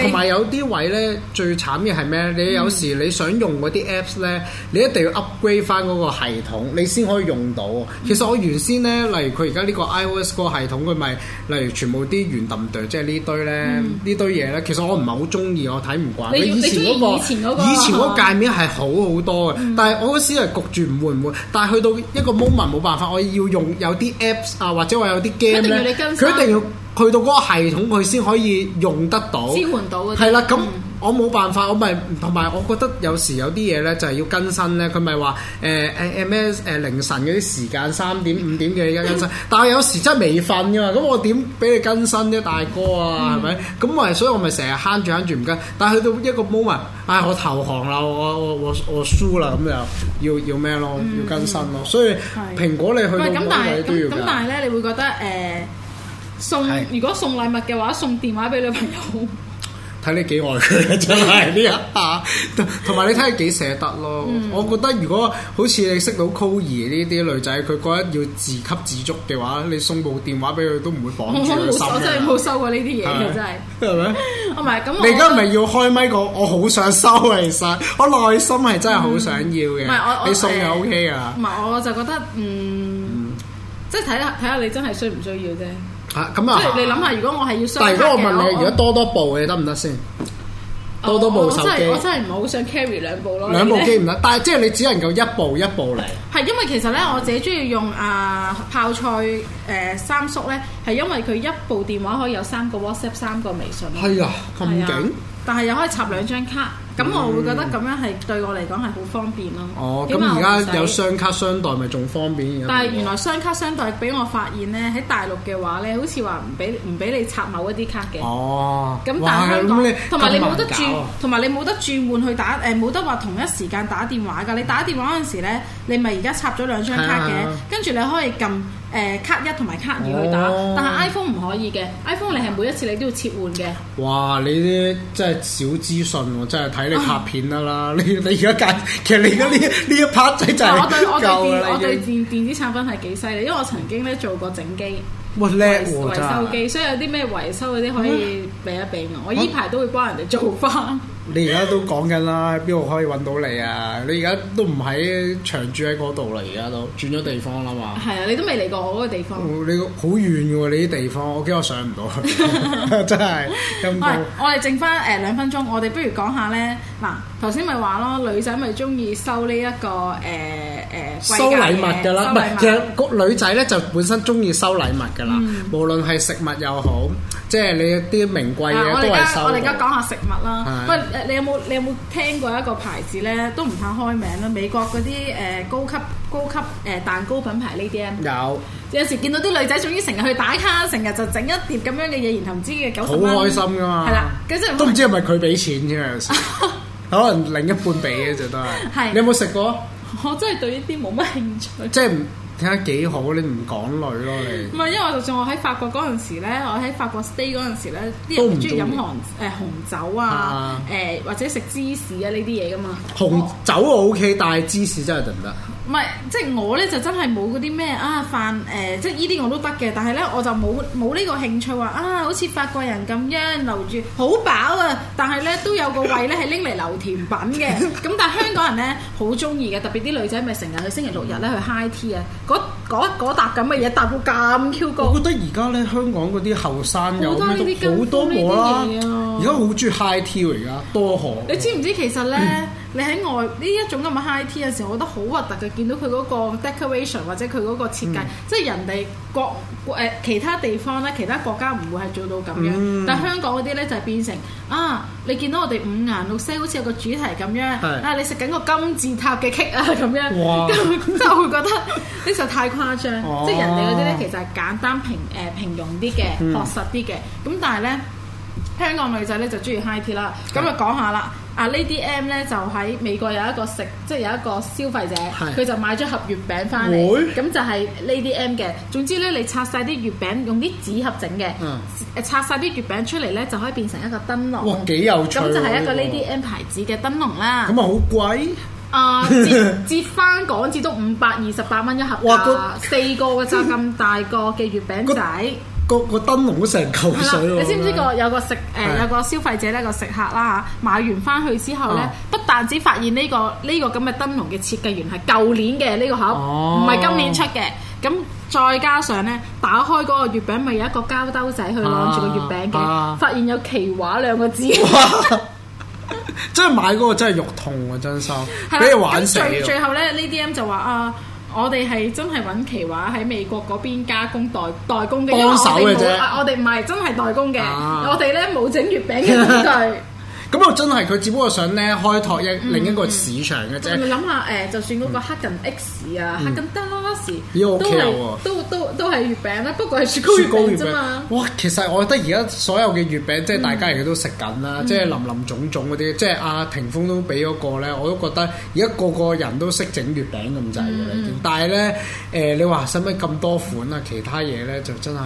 同埋有啲位咧，最慘嘅係咩？你有時你想用嗰啲 apps 咧，你一定要 upgrade 翻嗰個系統，你先可以用到。其實我原先咧，例如佢而家呢個 iOS 嗰個系統，佢咪例如全部啲圓 d e 即係呢堆咧、嗯、呢堆嘢咧，其實我唔係好中意，我睇唔慣。你以前嗰、嗰個，以前嗰、嗰個，個界面係好好多嘅。嗯、但係我嗰時係焗住唔換唔換。但係去到一個 moment 冇辦法，我要用有啲 apps 啊，或者我有啲 game 咧，佢一,一定要去到嗰個系統佢先可以用得到。係啦，咁、嗯啊、我冇辦法，我咪同埋我覺得有時有啲嘢咧，就係、是、要更新咧。佢咪話誒誒誒咩誒凌晨嗰啲時間三點五點嘅而家更新。嗯、但係有時真係未瞓噶嘛，咁我點俾你更新啫，大哥啊，係咪、嗯？咁咪所以我咪成日慳住慳住唔跟。但係去到一個 moment，啊、哎呃，我投降啦，我我我我輸啦，咁又要要咩咯？嗯、要更新咯。所以蘋果你去到、嗯嗯、但嘢都要嘅。咁但係咧，但但但但但但你會覺得誒、呃、送如果送禮物嘅話，送電話俾女朋友。 (laughs) 睇你幾愛佢，真係啲啊，同埋 (laughs) (laughs) 你睇下幾捨得咯。嗯、我覺得如果好似你識到溝兒呢啲女仔，佢覺得要自給自足嘅話，你送部電話俾佢都唔會綁住佢心嘅。我冇收，真係冇收過呢啲嘢嘅真係的。係咪？我唔係咁。你而家唔係要開咪個？我好想收，其實我內心係真係好想要嘅。唔係、嗯、我你送係 OK 噶。唔係、呃、我就覺得嗯，即係睇下睇下你真係需唔需要啫。嚇！咁啊，啊即係你諗下，如果我係要雙卡嘅，但如果我問你，我如果多多部嘅得唔得先？多多部手機，哦、我，我真係唔係好想 carry 兩部咯。呢兩部機唔得，但係即係你只能夠一部一部嚟。係因為其實咧，的我自己中意用啊、呃、泡菜誒、呃、三叔咧，係因為佢一部電話可以有三個 WhatsApp、三個微信。係啊，咁勁！但係又可以插兩張卡。咁、嗯、我會覺得咁樣係對我嚟講係好方便咯。哦，咁而家有雙卡雙待咪仲方便？但係原來雙卡雙待俾我發現咧，喺大陸嘅話咧，好似話唔俾唔俾你插某一啲卡嘅。哦。咁但係香港，同埋、嗯、有你冇得轉，同埋你冇得轉換去打誒，冇、呃、得話同一時間打電話㗎。你打電話嗰陣時咧，你咪而家插咗兩張卡嘅，跟住、啊、你可以撳誒、呃、卡一同埋卡二去打。但係哦。iPhone 唔可以嘅、嗯、iPhone 你係每一次你都要切換嘅。哇！你啲真係少資訊喎，真係睇。你拍片啦！啊、 (laughs) 你你而家隔，其實你而家呢呢一 part 就係夠啦。我對我對要我對電電子產品係幾犀利，因為我曾經咧做過整機，我叻喎，真係。啊、維修機，啊、所以有啲咩維修嗰啲可以俾一俾我。啊、我依排都會幫人哋做翻、啊。 (laughs) 你而家都講緊啦，邊度可以搵到你啊？你而家都唔喺長住喺嗰度啦，而家都轉咗地方啦嘛。係啊，你都未嚟過我嗰個地方。你好遠嘅喎、啊，你啲地方，我驚我上唔到去， (laughs) (laughs) 真係咁高、 (laughs) 哎、我哋剩返誒兩分鐘，我哋不如講下咧嗱。頭先咪話咯，女仔咪中意收呢一個誒誒、呃呃、貴價嘅收禮物嘅啦，唔係其實個女仔咧就本身中意收禮物嘅啦，嗯、無論係食物又好，即係你啲名貴嘢都係收。我哋而家我哋而家講下食物啦，不是的 你有冇你有冇聽過一個牌子咧？都唔怕開名啦，美國嗰啲誒高級高級誒蛋糕品牌，呢啲有有時見到啲女仔，總之成日去打卡，成日就整一碟咁樣嘅嘢，然後唔知嘅九十蚊，好開心噶嘛，係啦，都唔知係咪佢俾錢啫？ (laughs) 可能另一半俾嘅就得。係 (laughs) 是。你有冇食過？我真係對呢啲冇乜興趣。即係聽得幾好，你唔港女咯你？唔係，因為就算我喺法國嗰陣時咧，我喺法國 stay 嗰陣時咧，啲人唔中意飲紅誒紅酒啊，誒、 (laughs) 呃、或者食芝士啊呢啲嘢噶嘛。紅酒我 OK，但係芝士真係得唔得？唔係，即係我咧就真係冇嗰啲咩啊飯誒、呃，即係呢啲我都得嘅，但係咧我就冇冇呢個興趣話啊，好似法國人咁樣留住好飽啊，但係咧都有個胃咧係拎嚟留甜品嘅。咁 (laughs) 但係香港人咧好中意嘅，特別啲女仔咪成日去星期六日咧去 high tea 啊，嗰搭咁嘅嘢搭到咁 Q 高。我覺得而家咧香港嗰啲後生有好多我啊。而家好中意 high tea 而家多行。你知唔知其實咧？ (laughs) 你喺外呢一種咁嘅 high tea 嘅時候，我覺得好核突嘅。見到佢嗰個 decoration 或者佢嗰個設計，嗯、即係人哋國誒其他地方咧，其他國家唔會係做到咁樣。嗯、但香港嗰啲咧就是、變成啊，你見到我哋五顏六色，好似有個主題咁樣。係是、啊，你食緊個金字塔嘅 cake 啊咁樣，咁就哇 會覺得呢時太誇張。哦、即係人哋嗰啲咧，其實係簡單平誒平庸啲嘅，樸、嗯、實啲嘅。咁但係咧。香港女仔咧就中意 high tea 啦，咁啊講下啦。啊 Lady M 咧就喺美國有一個食，即、就、係、是、有一個消費者，佢是就買咗盒月餅翻嚟，咁喂就係 Lady M 嘅。總之咧，你拆晒啲月餅，用啲紙盒整嘅，嗯、拆晒啲月餅出嚟咧，就可以變成一個燈籠。幾有趣咁、啊、就係一個 Lady M 牌子嘅燈籠啦。咁啊，好貴啊、呃！折折翻港紙都五百二十八蚊一盒。哇！個四個嘅就咁大個嘅月餅仔。那個個燈籠都成嚿水，你知唔知，個有個食誒、呃、有個消費者呢個食客啦嚇，對 買完翻去之後呢，哦、不但止發現呢、呢個呢、呢個咁嘅燈籠嘅設計員係舊年嘅呢個盒，唔係、哦、今年出嘅。咁再加上呢，打開嗰個月餅咪有一個膠兜仔去攞住個月餅，啊、發現有奇華兩個字。哇！ (laughs) (laughs) 真係買嗰個真係肉痛喎，真心俾人玩死。最最後呢，Lady M 就話啊。呃我哋係真係揾其話喺美國嗰邊加工代代工嘅，啊、我哋唔係真係代工嘅，我哋咧冇整月餅嘅工具。 (laughs) 咁啊，真係佢只不過想咧開拓一另一個市場嘅啫。諗下誒，就算嗰個黑金 X 啊、黑金 Dars，都係都都都係月餅啦，不過係雪糕月餅啫嘛。哇！其實我覺得而家所有嘅月餅，即係大家而家都食緊啦，即係林林總總嗰啲，即係阿霆鋒都俾嗰個咧，我都覺得而家個個人都識整月餅咁滯嘅。但係咧，誒，你話使唔使咁多款啊？其他嘢咧就真係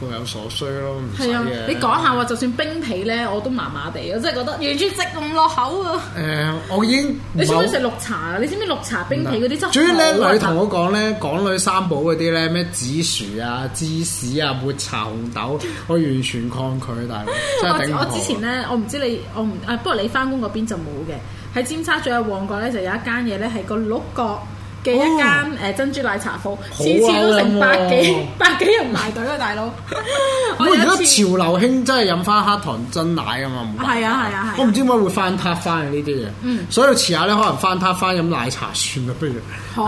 各有所需咯，唔使嘅。你講下話，嗯、就算冰皮咧，我都麻麻地，啊，真係覺得完全食唔落口啊！誒、呃，我已經冇。你想唔想食綠茶啊？你知唔知綠茶冰皮嗰啲行真？主要咧，女同我講咧，港女三寶嗰啲咧，咩紫薯啊、芝士啊、抹茶紅豆， (laughs) 我完全抗拒，但係大佬真係頂唔住，我，我之前咧，我唔知你，我唔誒，不過你翻工嗰邊就冇嘅。喺尖沙咀啊，旺角咧就有一間嘢咧，係個鹿角。嘅一間誒珍珠奶茶鋪，次次都成百幾百幾人排隊啊，大佬！我而家潮流興真係飲翻黑糖真奶啊嘛，係啊係啊係！我唔知點解會翻塌翻嚟呢啲嘢，嗯，所以遲下咧可能翻塌翻飲奶茶算啦，不如好。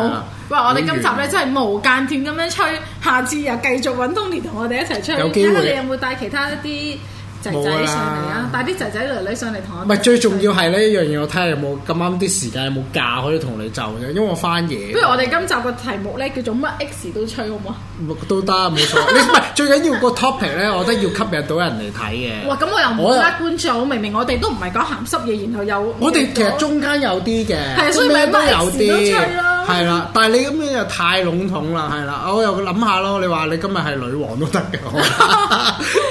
喂，我哋今集咧真係無間斷咁樣吹，下次又繼續揾 Tony 同我哋一齊吹，睇下你有冇帶其他一啲。仔仔上嚟啊！帶啲仔仔女女上嚟同我。唔係最重要係咧一樣嘢，我睇下有冇咁啱啲時間，有冇假可以同你就啫。因為我翻夜。不如我哋今集個題目咧叫做乜 X 都吹好唔好？都得冇錯，你唔係最緊要個 topic 咧，我覺得要吸引到人嚟睇嘅。哇！咁我又唔得觀眾，明明我哋都唔係講鹹濕嘢，然後又我哋其實中間有啲嘅，所以咩都有啲。係啦，但係你咁樣又太籠統啦，係啦，我又諗下咯。你話你今日係女王都得嘅，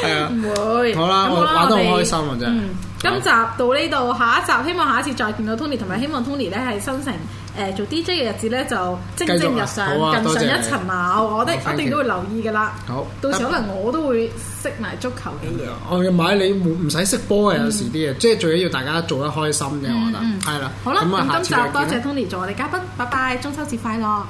係啊，唔會們，好啦是，我玩得好開心嘅啫。嗯，好今集到呢度，下一集希望下一次再見到 Tony，同埋希望 Tony 咧係新城。誒做 DJ 嘅日子咧就蒸蒸日上，更上一層樓。我覺得一定都會留意嘅啦。好，到時可能我都會識埋足球嘅嘢。我要買你唔使識波啊，有時啲嘢，即係最緊要大家做得開心嘅。我覺得係啦。好啦，咁今集多謝 Tony 做我哋嘉賓，拜拜，中秋節快樂！